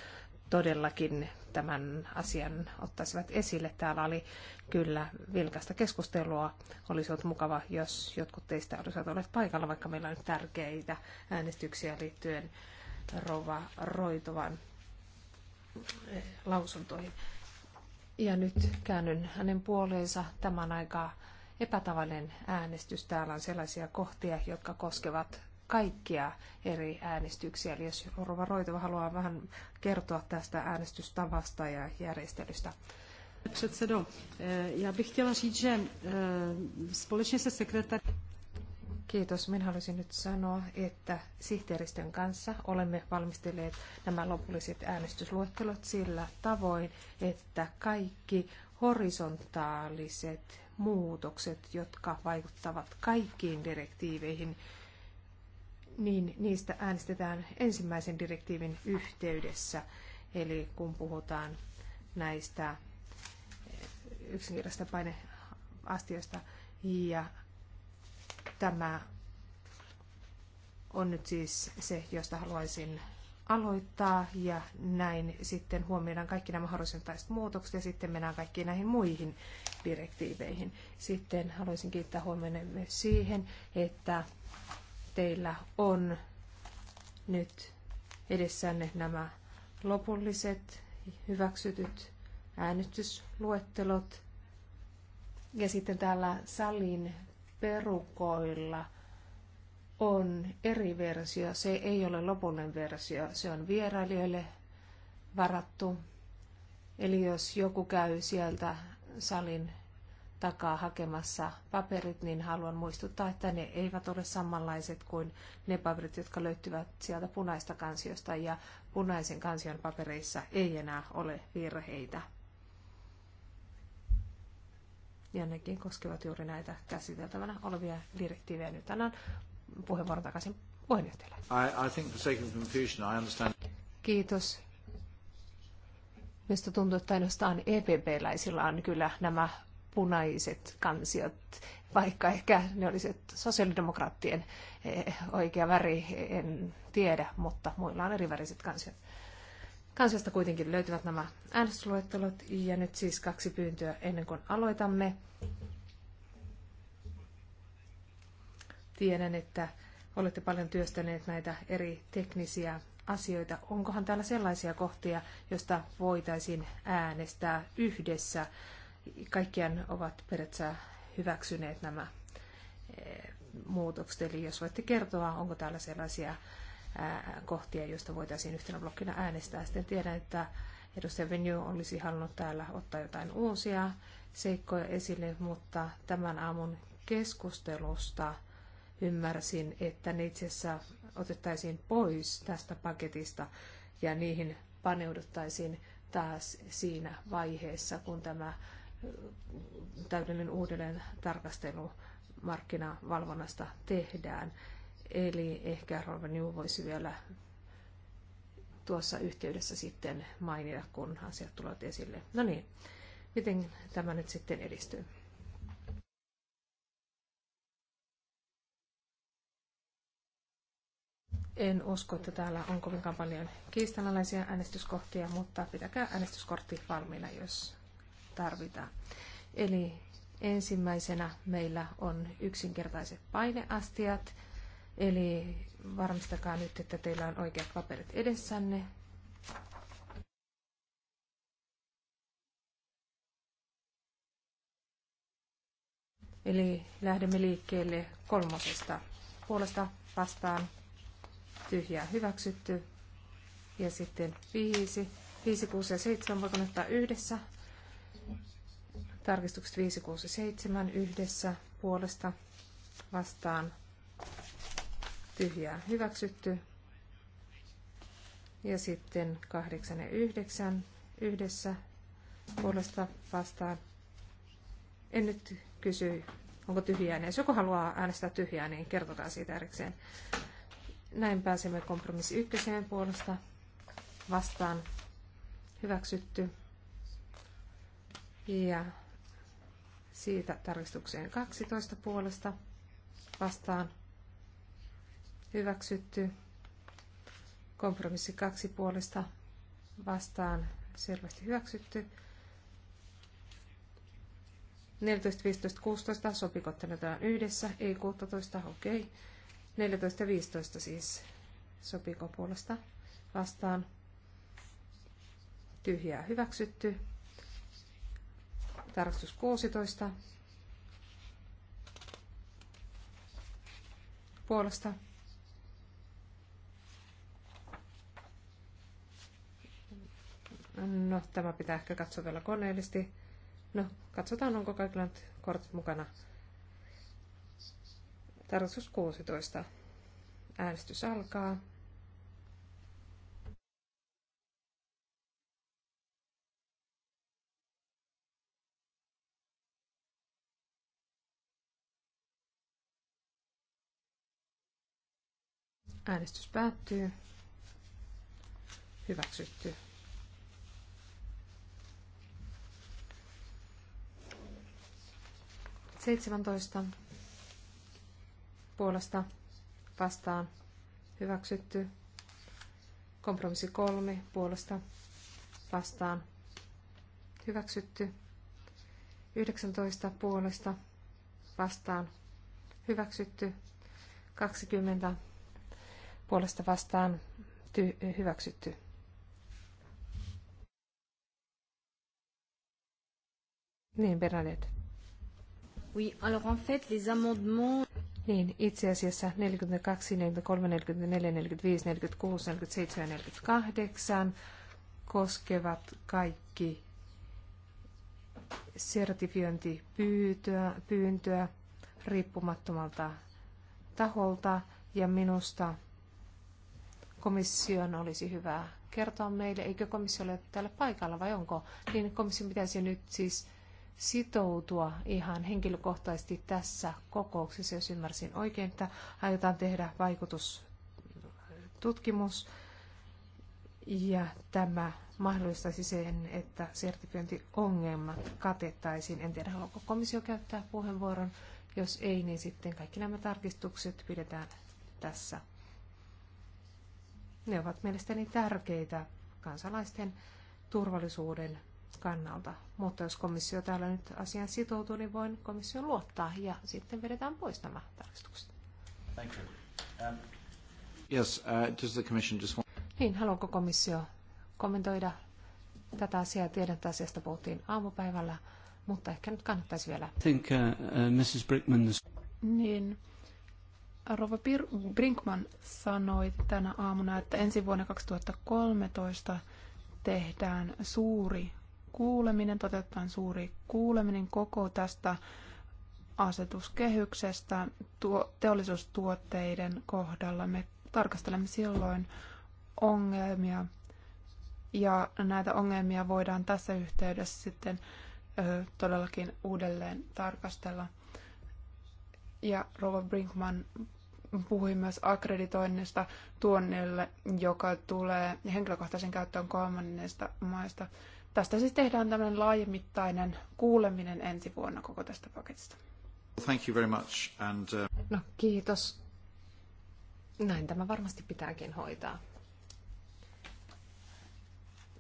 todellakin tämän asian ottaisivat esille. Täällä oli kyllä vilkasta keskustelua. Olisi ollut mukava, jos jotkut teistä olisivat olleet paikalla, vaikka meillä on tärkeitä äänestyksiä liittyen Rova Roitovan eh, lausuntoihin. Ja nyt käännyn hänen puoleensa. Tämän aika epätavallinen äänestys. Täällä on sellaisia kohtia, jotka koskevat kaikkia eri äänestyksiä. Eli jos Rova Roitova haluaa vähän kertoa tästä äänestystavasta ja järjestelystä. Předsedo, eh, já bych chtěla říct, že eh, společně se Kiitos. Minä haluaisin nyt sanoa, että sihteeristön kanssa olemme valmistelleet nämä lopulliset äänestysluettelot sillä tavoin, että kaikki horisontaaliset muutokset, jotka vaikuttavat kaikkiin direktiiveihin, niin niistä äänestetään ensimmäisen direktiivin yhteydessä. Eli kun puhutaan näistä yksinkertaisista paineastioista ja tämä on nyt siis se, josta haluaisin aloittaa ja näin sitten huomioidaan kaikki nämä horisontaaliset muutokset ja sitten mennään kaikkiin näihin muihin direktiiveihin. Sitten haluaisin kiittää huomenna myös siihen, että teillä on nyt edessänne nämä lopulliset hyväksytyt äänestysluettelot. Ja sitten täällä salin perukoilla – on eri versio. Se ei ole lopullinen versio. Se on vierailijoille varattu. Eli jos joku käy sieltä salin takaa hakemassa paperit, niin haluan muistuttaa, että ne eivät ole samanlaiset kuin ne paperit, jotka löytyvät sieltä punaista kansiosta, ja punaisen kansion papereissa ei enää ole virheitä. Ja nekin koskevat juuri näitä käsiteltävänä olevia direktiivejä. Nyt annan puheenvuoron takaisin puheenjohtajalle. I, I think for sake of confusion, I understand. Kiitos. Minusta tuntuu, että ainoastaan EPP-läisillä on kyllä nämä punaiset kansiot, vaikka ehkä ne olisivat sosiaalidemokraattien eh, oikea väri, en tiedä, mutta muilla on eri väriset kansiot. Kansiosta kuitenkin löytyvät nämä äänestysluettelot ja nyt siis kaksi pyyntöä ennen kuin aloitamme. Tiedän, että olette paljon työstäneet näitä eri teknisiä asioita. Onkohan täällä sellaisia kohtia, joista voitaisiin äänestää yhdessä? Kaikkiaan ovat periaatteessa hyväksyneet nämä eh, muutokset. Eli jos voitte kertoa, onko täällä sellaisia eh, kohtia, joista voitaisiin yhtenä blokkina äänestää. Sitten tiedän, että edustaja Venju olisi halunnut täällä ottaa jotain uusia seikkoja esille, mutta tämän aamun keskustelusta ymmärsin, että ne itse asiassa otettaisiin pois tästä paketista ja niihin paneuduttaisiin taas siinä vaiheessa, kun tämä täydellinen uudelleen tarkastelu markkinavalvonnasta tehdään. Eli ehkä Rovaniu voisi vielä tuossa yhteydessä sitten mainita, kun asiat tulevat esille. No niin, miten tämä nyt sitten edistyy? En usko, että täällä on kovinkaan paljon kiistanalaisia äänestyskohtia, mutta pitäkää äänestyskortti valmiina, jos tarvitaan. Eli ensimmäisenä meillä on yksinkertaiset paineastiat, eli varmistakaa nyt, että teillä on oikeat paperit edessänne. Eli lähdemme liikkeelle kolmosesta puolesta vastaan tyhjää hyväksytty. Ja sitten 5, 5, 6 ja 7 voidaan ottaa yhdessä. Tarkistukset 5, 6 ja 7 yhdessä puolesta vastaan tyhjää hyväksytty. Ja sitten 8 ja 9 yhdessä puolesta vastaan. En nyt kysy, onko tyhjää, niin jos joku haluaa äänestää tyhjää, niin kertokaa siitä erikseen. Näin pääsemme kompromissi ykköseen puolesta vastaan hyväksytty. Ja siitä tarkistukseen 12 puolesta vastaan hyväksytty. Kompromissi kaksi puolesta vastaan selvästi hyväksytty. 14, 15, 16, sopiko tänne yhdessä? Ei 16, okei. Okay. 14 ja 15 siis. Sopiiko puolesta vastaan? Tyhjää hyväksytty. Tarkastus 16. Puolesta No, tämä pitää ehkä katsoa vielä koneellisesti. No, katsotaan, onko kaikilla nyt kortit mukana. Tarkastus 16. Äänestys alkaa. Äänestys päättyy. Hyväksytty. Seitsemäntoista puolesta vastaan hyväksytty. Kompromissi kolme puolesta vastaan hyväksytty. 19 puolesta vastaan hyväksytty. 20 puolesta vastaan ty- hyväksytty. Niin, Bernadette. Oui, alors en fait, les amendements niin itse asiassa 42, 43, 44, 45, 46, 47 ja 48 koskevat kaikki sertifiointipyyntöä riippumattomalta taholta ja minusta komission olisi hyvä kertoa meille, eikö komissio ole täällä paikalla vai onko, niin komission pitäisi nyt siis sitoutua ihan henkilökohtaisesti tässä kokouksessa, jos ymmärsin oikein, että aiotaan tehdä vaikutustutkimus ja tämä mahdollistaisi sen, että sertifiointiongelmat katettaisiin. En tiedä, haluaako komissio käyttää puheenvuoron. Jos ei, niin sitten kaikki nämä tarkistukset pidetään tässä. Ne ovat mielestäni tärkeitä kansalaisten turvallisuuden kannalta. Mutta jos komissio täällä nyt asiaan sitoutuu, niin voin komissio luottaa ja sitten vedetään pois nämä tarkistukset. Thank you. Um, yes, uh, does the commission just want... Niin, haluanko komissio kommentoida tätä asiaa? Tiedän, että asiasta puhuttiin aamupäivällä, mutta ehkä nyt kannattaisi vielä. Think, uh, uh, Mrs. Brickman Niin, Rova Brinkman sanoi tänä aamuna, että ensi vuonna 2013 tehdään suuri kuuleminen, toteuttaen suuri kuuleminen koko tästä asetuskehyksestä tuo, teollisuustuotteiden kohdalla. Me tarkastelemme silloin ongelmia ja näitä ongelmia voidaan tässä yhteydessä sitten ö, todellakin uudelleen tarkastella. Ja Rova Brinkman puhui myös akkreditoinnista tuonnille, joka tulee henkilökohtaisen käyttöön kolmannesta maista. Tästä siis tehdään tämmöinen laajemittainen kuuleminen ensi vuonna koko tästä paketista. Thank you very much and, uh... No kiitos. Näin tämä varmasti pitääkin hoitaa.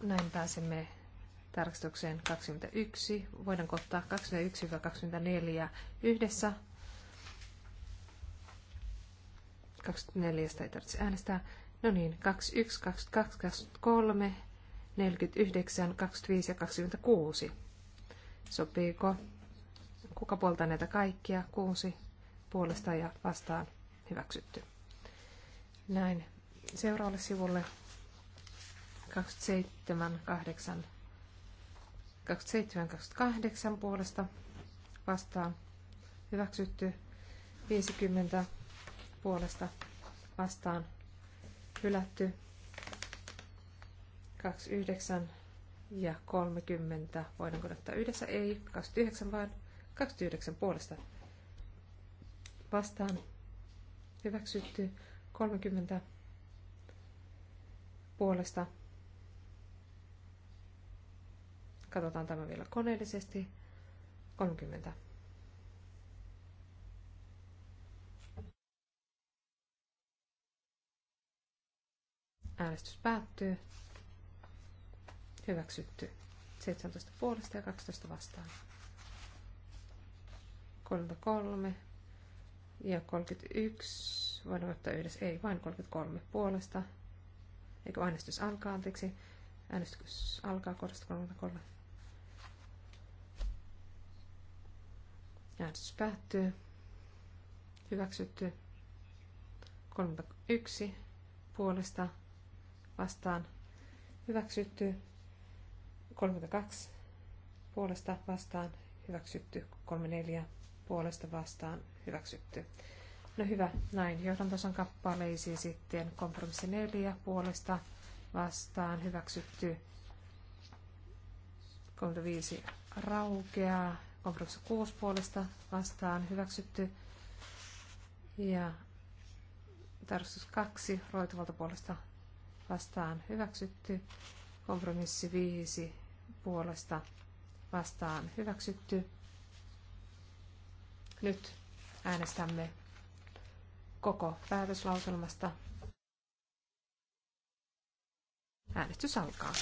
Näin pääsemme tarkastukseen 21. Voidaan ottaa 21-24 yhdessä. 24 ei tarvitse äänestää. No niin, 21, 22, 23, 49, 25 ja 26. Sopiiko? Kuka puoltaa näitä kaikkia? Kuusi puolesta ja vastaan hyväksytty. Näin. Seuraavalle sivulle 27, 8, 27, 28 puolesta vastaan hyväksytty. 50 puolesta vastaan hylätty. 29 ja 30. Voidaanko ottaa yhdessä? Ei. 29 vaan. 29 puolesta. Vastaan. Hyväksytty. 30 puolesta. Katsotaan tämä vielä koneellisesti. 30. Äänestys päättyy. Hyväksytty. 17 puolesta ja 12 vastaan. 33 ja 31. Voidaan ottaa yhdessä. Ei, vain 33 puolesta. Eikö äänestys alkaa, anteeksi. Äänestys alkaa kohdasta 33. Äänestys päättyy. Hyväksytty. 31 puolesta vastaan. Hyväksytty. 32 puolesta vastaan hyväksytty, 34 puolesta vastaan hyväksytty. No hyvä, näin. Johdantosan kappaleisiin sitten kompromissi 4 puolesta vastaan hyväksytty, 35 raukeaa, kompromissi 6 puolesta vastaan hyväksytty ja tarkastus 2 roituvalta puolesta vastaan hyväksytty, kompromissi 5 puolesta vastaan hyväksytty. Nyt äänestämme koko päätöslauselmasta. Äänestys alkaa.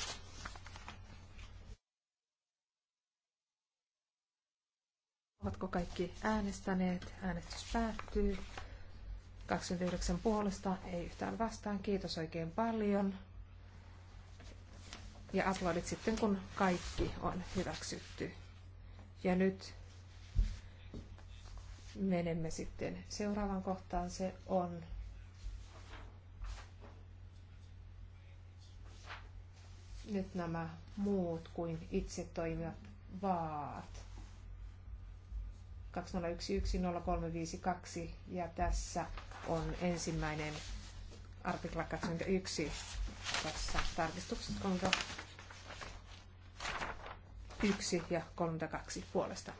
Ovatko kaikki äänestäneet? Äänestys päättyy. 29 puolesta, ei yhtään vastaan. Kiitos oikein paljon ja aplodit sitten, kun kaikki on hyväksytty. Ja nyt menemme sitten seuraavaan kohtaan. Se on nyt nämä muut kuin itse toimivat vaat. 20110352 ja tässä on ensimmäinen artikla 21 tässä tarkistuksessa, onko 1 ja 32 puolesta.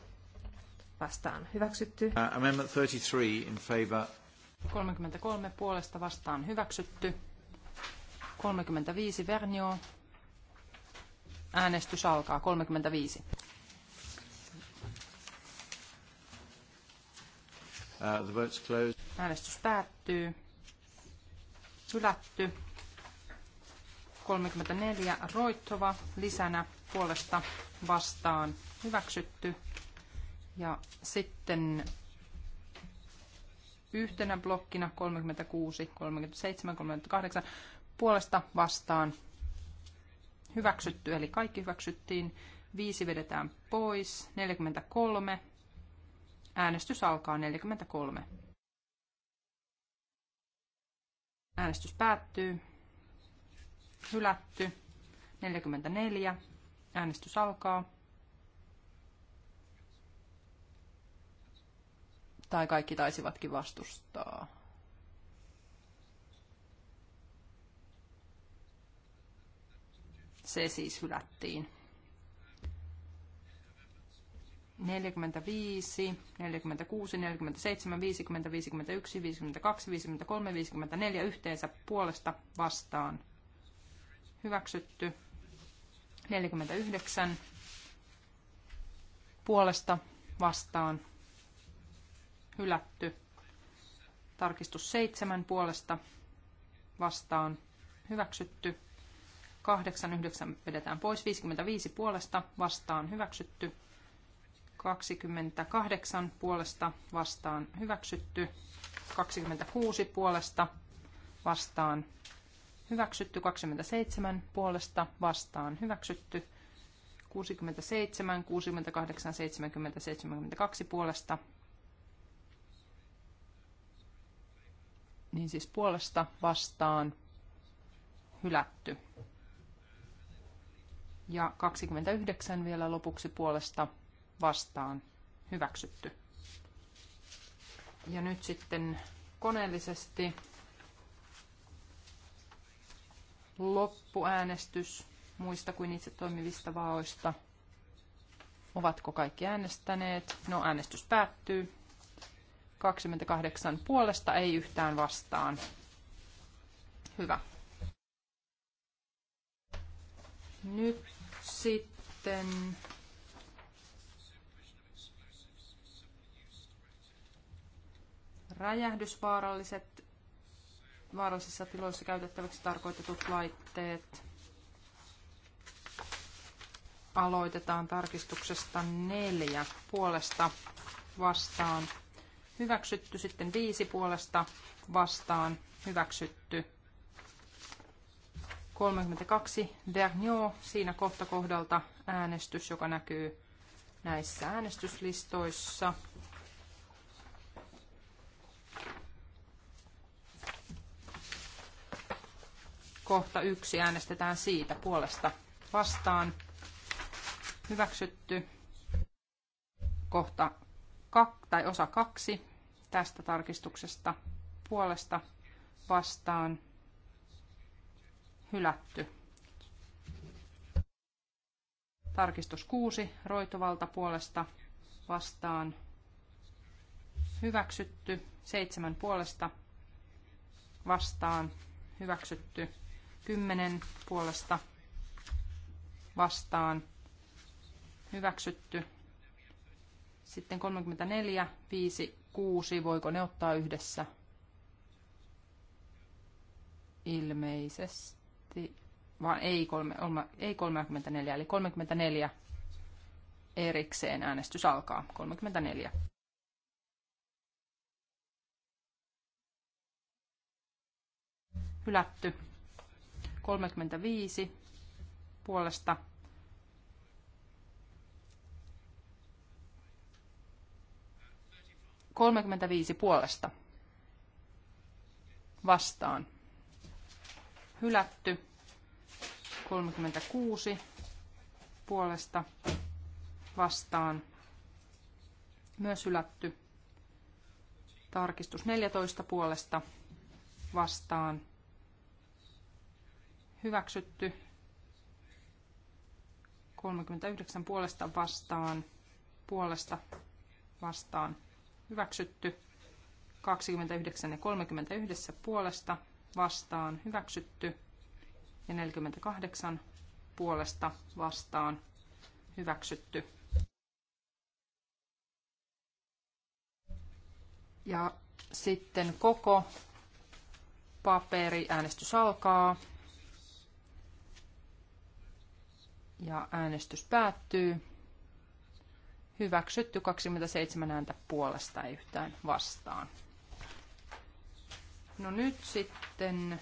Vastaan hyväksytty. Uh, amendment 33 in favor. 33 puolesta vastaan hyväksytty. 35 Vernio. Äänestys alkaa. 35. Uh, the vote's closed. Äänestys päättyy. Hylätty. 34 Roittova lisänä puolesta vastaan hyväksytty. Ja sitten yhtenä blokkina 36, 37, 38 puolesta vastaan hyväksytty, eli kaikki hyväksyttiin. viisi vedetään pois, 43. Äänestys alkaa 43. Äänestys päättyy. Hylätty. 44 Äänestys alkaa. Tai kaikki taisivatkin vastustaa. Se siis hylättiin. 45, 46, 47, 50, 51, 52, 53, 54 yhteensä puolesta vastaan. Hyväksytty. 49 puolesta vastaan hylätty. Tarkistus 7 puolesta vastaan hyväksytty. 8, 9 vedetään pois, 55 puolesta vastaan hyväksytty. 28 puolesta vastaan hyväksytty. 26 puolesta vastaan Hyväksytty 27 puolesta vastaan hyväksytty. 67, 68, 70, 72 puolesta. Niin siis puolesta vastaan hylätty. Ja 29 vielä lopuksi puolesta vastaan hyväksytty. Ja nyt sitten koneellisesti loppuäänestys muista kuin itse toimivista vaoista. Ovatko kaikki äänestäneet? No, äänestys päättyy. 28 puolesta, ei yhtään vastaan. Hyvä. Nyt sitten räjähdysvaaralliset vaarallisissa tiloissa käytettäväksi tarkoitetut laitteet. Aloitetaan tarkistuksesta neljä puolesta vastaan hyväksytty, sitten viisi puolesta vastaan hyväksytty. 32 Vergniaud, siinä kohta kohdalta äänestys, joka näkyy näissä äänestyslistoissa. kohta yksi äänestetään siitä puolesta vastaan. Hyväksytty. Kohta kak, tai osa kaksi tästä tarkistuksesta puolesta vastaan. Hylätty. Tarkistus 6 roituvalta puolesta vastaan. Hyväksytty. 7 puolesta vastaan. Hyväksytty. 10 puolesta vastaan hyväksytty. Sitten 34, 5, 6, voiko ne ottaa yhdessä? Ilmeisesti, vaan ei, kolme, ei 34, eli 34 erikseen äänestys alkaa. 34. Hylätty. 35 puolesta Kolmekymmentäviisi puolesta vastaan. Hylätty. 36 puolesta vastaan. Myös hylätty. Tarkistus 14 puolesta vastaan hyväksytty. 39 puolesta vastaan, puolesta vastaan hyväksytty. 29 ja 31 puolesta vastaan hyväksytty. Ja 48 puolesta vastaan hyväksytty. Ja sitten koko paperi, äänestys alkaa. Ja äänestys päättyy. Hyväksytty 27 ääntä puolesta ei yhtään vastaan. No nyt sitten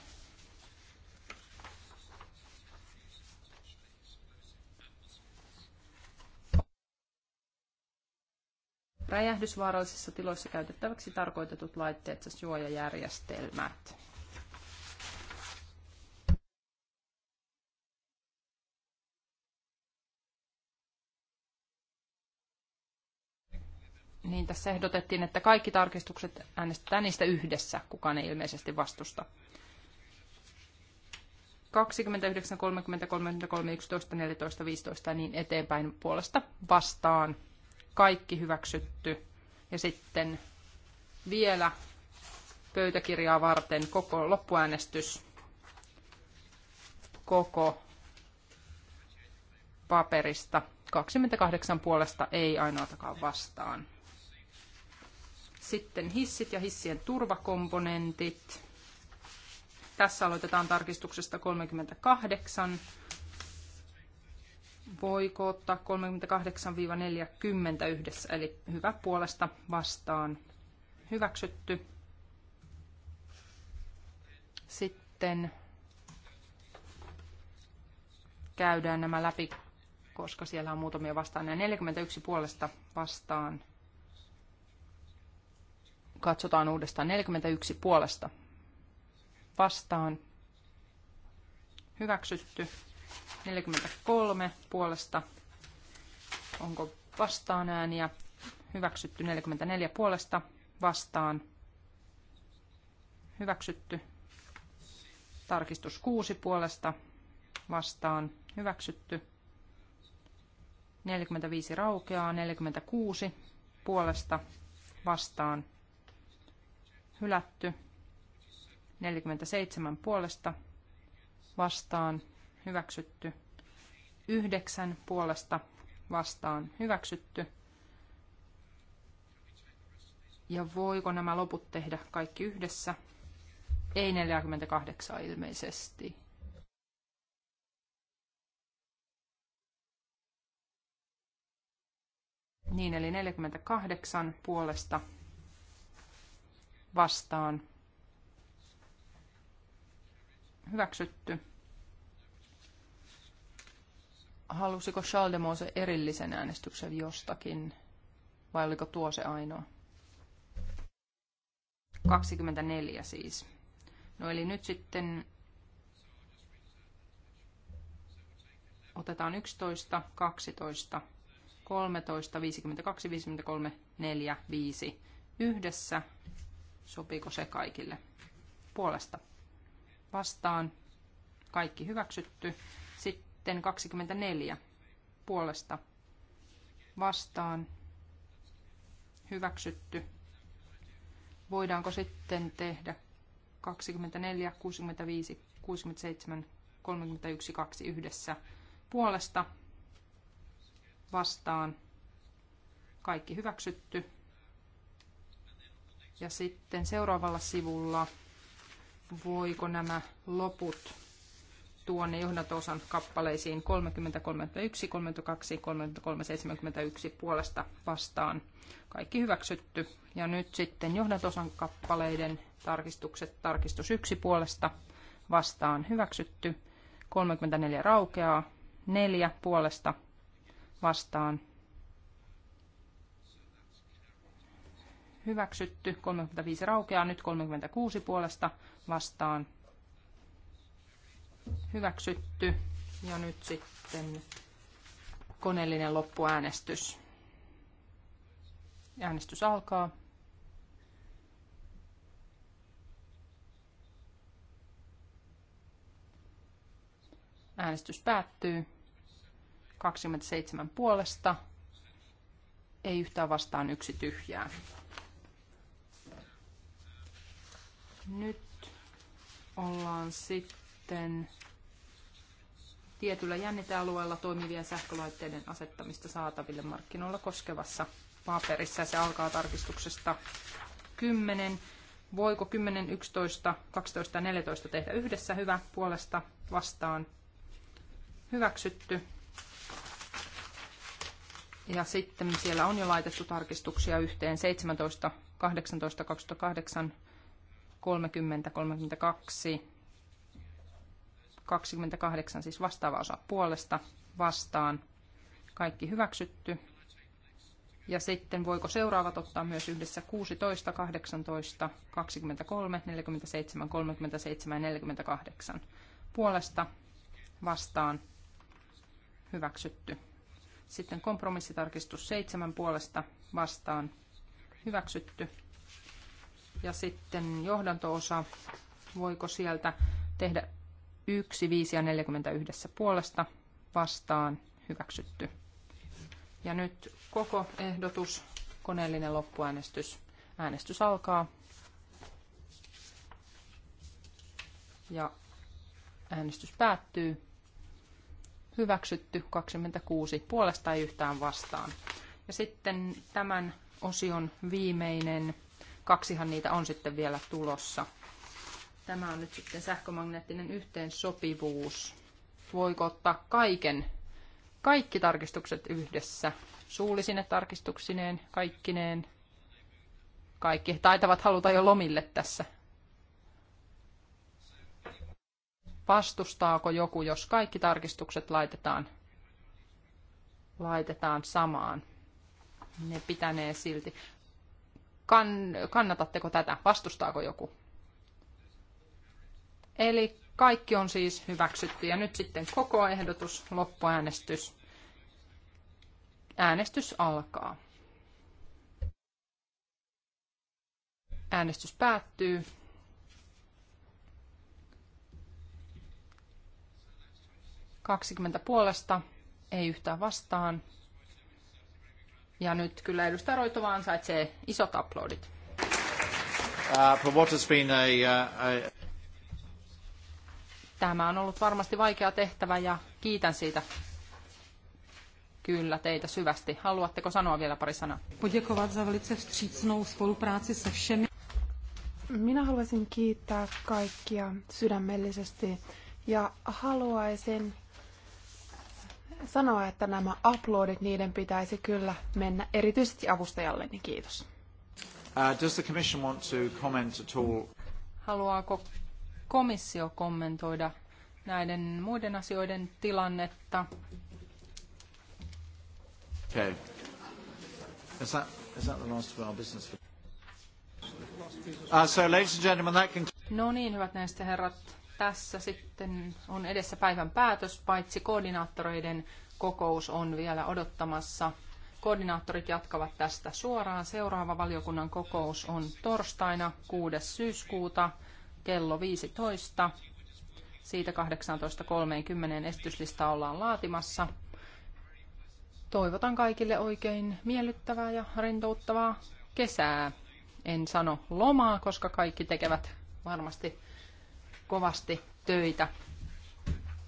räjähdysvaarallisissa tiloissa käytettäväksi tarkoitetut laitteet ja suojajärjestelmät. niin tässä ehdotettiin, että kaikki tarkistukset äänestetään niistä yhdessä. Kukaan ei ilmeisesti vastusta. 29, 30, 33, 11, 14, 15 ja niin eteenpäin puolesta vastaan. Kaikki hyväksytty. Ja sitten vielä pöytäkirjaa varten koko loppuäänestys, koko paperista. 28 puolesta ei ainoatakaan vastaan. Sitten hissit ja hissien turvakomponentit. Tässä aloitetaan tarkistuksesta 38. Voiko ottaa 38-40 yhdessä, eli hyvä puolesta vastaan hyväksytty. Sitten käydään nämä läpi, koska siellä on muutamia vastaan. Ja 41 puolesta vastaan Katsotaan uudestaan 41 puolesta. Vastaan. Hyväksytty. 43 puolesta. Onko vastaan ääniä? Hyväksytty 44 puolesta. Vastaan. Hyväksytty. Tarkistus 6 puolesta. Vastaan. Hyväksytty. 45 raukeaa, 46 puolesta vastaan hylätty. 47 puolesta vastaan hyväksytty. 9 puolesta vastaan hyväksytty. Ja voiko nämä loput tehdä kaikki yhdessä? Ei 48 ilmeisesti. Niin, eli 48 puolesta vastaan. Hyväksytty. Halusiko se erillisen äänestyksen jostakin vai oliko tuo se ainoa? 24 siis. No eli nyt sitten otetaan 11, 12, 13, 52, 53, 4, 5 yhdessä Sopiiko se kaikille? Puolesta vastaan. Kaikki hyväksytty. Sitten 24 puolesta vastaan. Hyväksytty. Voidaanko sitten tehdä 24, 65, 67, 31, 2 yhdessä puolesta vastaan. Kaikki hyväksytty. Ja sitten seuraavalla sivulla, voiko nämä loput tuonne johdatosan kappaleisiin 30, 31, 32, 33, 71 puolesta vastaan. Kaikki hyväksytty. Ja nyt sitten johdatosan kappaleiden tarkistukset tarkistus 1 puolesta vastaan hyväksytty. 34 raukeaa, 4 puolesta vastaan hyväksytty, 35 raukeaa, nyt 36 puolesta vastaan hyväksytty. Ja nyt sitten koneellinen loppuäänestys. Äänestys alkaa. Äänestys päättyy. 27 puolesta. Ei yhtään vastaan yksi tyhjää. Nyt ollaan sitten tietyllä jännitealueella toimivien sähkölaitteiden asettamista saataville markkinoilla koskevassa paperissa. Se alkaa tarkistuksesta 10. Voiko 10, 11, 12 ja 14 tehdä yhdessä hyvä puolesta vastaan? Hyväksytty. Ja sitten siellä on jo laitettu tarkistuksia yhteen 17, 18, 28, 30, 32, 28, siis vastaava osa puolesta vastaan. Kaikki hyväksytty. Ja sitten voiko seuraavat ottaa myös yhdessä 16, 18, 23, 47, 37 ja 48 puolesta vastaan hyväksytty. Sitten kompromissitarkistus 7 puolesta vastaan hyväksytty ja sitten johdantoosa, voiko sieltä tehdä 1, 5 ja 41 puolesta vastaan hyväksytty. Ja nyt koko ehdotus, koneellinen loppuäänestys. Äänestys alkaa. Ja äänestys päättyy. Hyväksytty 26 puolesta ei yhtään vastaan. Ja sitten tämän osion viimeinen Kaksihan niitä on sitten vielä tulossa. Tämä on nyt sitten sähkömagneettinen yhteensopivuus. Voiko ottaa kaiken, kaikki tarkistukset yhdessä, suullisine tarkistuksineen, kaikkineen? Kaikki taitavat haluta jo lomille tässä. Vastustaako joku, jos kaikki tarkistukset laitetaan, laitetaan samaan? Ne pitänee silti. Kann, kannatatteko tätä? Vastustaako joku? Eli kaikki on siis hyväksytty ja nyt sitten koko ehdotus, loppuäänestys. Äänestys alkaa. Äänestys päättyy. Kaksikymmentä puolesta, ei yhtään vastaan, ja nyt kyllä edustaja Roitova ansaitsee isot aplodit. Uh, what has been a, uh, a... Tämä on ollut varmasti vaikea tehtävä ja kiitän siitä kyllä teitä syvästi. Haluatteko sanoa vielä pari sanaa? za velice spolupráci se všemi. Minä haluaisin kiittää kaikkia sydämellisesti ja haluaisin sanoa, että nämä uploadit, niiden pitäisi kyllä mennä erityisesti avustajalle, niin Kiitos. Uh, does the commission want to comment at all? Haluaako komissio kommentoida näiden muiden asioiden tilannetta? Okay. Is that, is that the last of our business? Uh, so, ladies and gentlemen, that can... No niin, hyvät näistä herrat tässä sitten on edessä päivän päätös, paitsi koordinaattoreiden kokous on vielä odottamassa. Koordinaattorit jatkavat tästä suoraan. Seuraava valiokunnan kokous on torstaina 6. syyskuuta kello 15. Siitä 18.30 esityslista ollaan laatimassa. Toivotan kaikille oikein miellyttävää ja rentouttavaa kesää. En sano lomaa, koska kaikki tekevät varmasti kovasti töitä,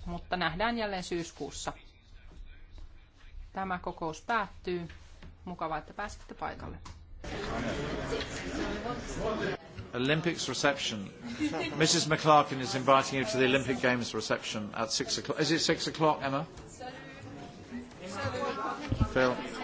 mutta nähdään jälleen syyskuussa. Tämä kokous päättyy. Mukavaa, että pääsitte paikalle. Olympics reception. Mrs. McClarkin is inviting you to the Olympic Games reception at six o'clock. Is it six o'clock, Emma? Phil.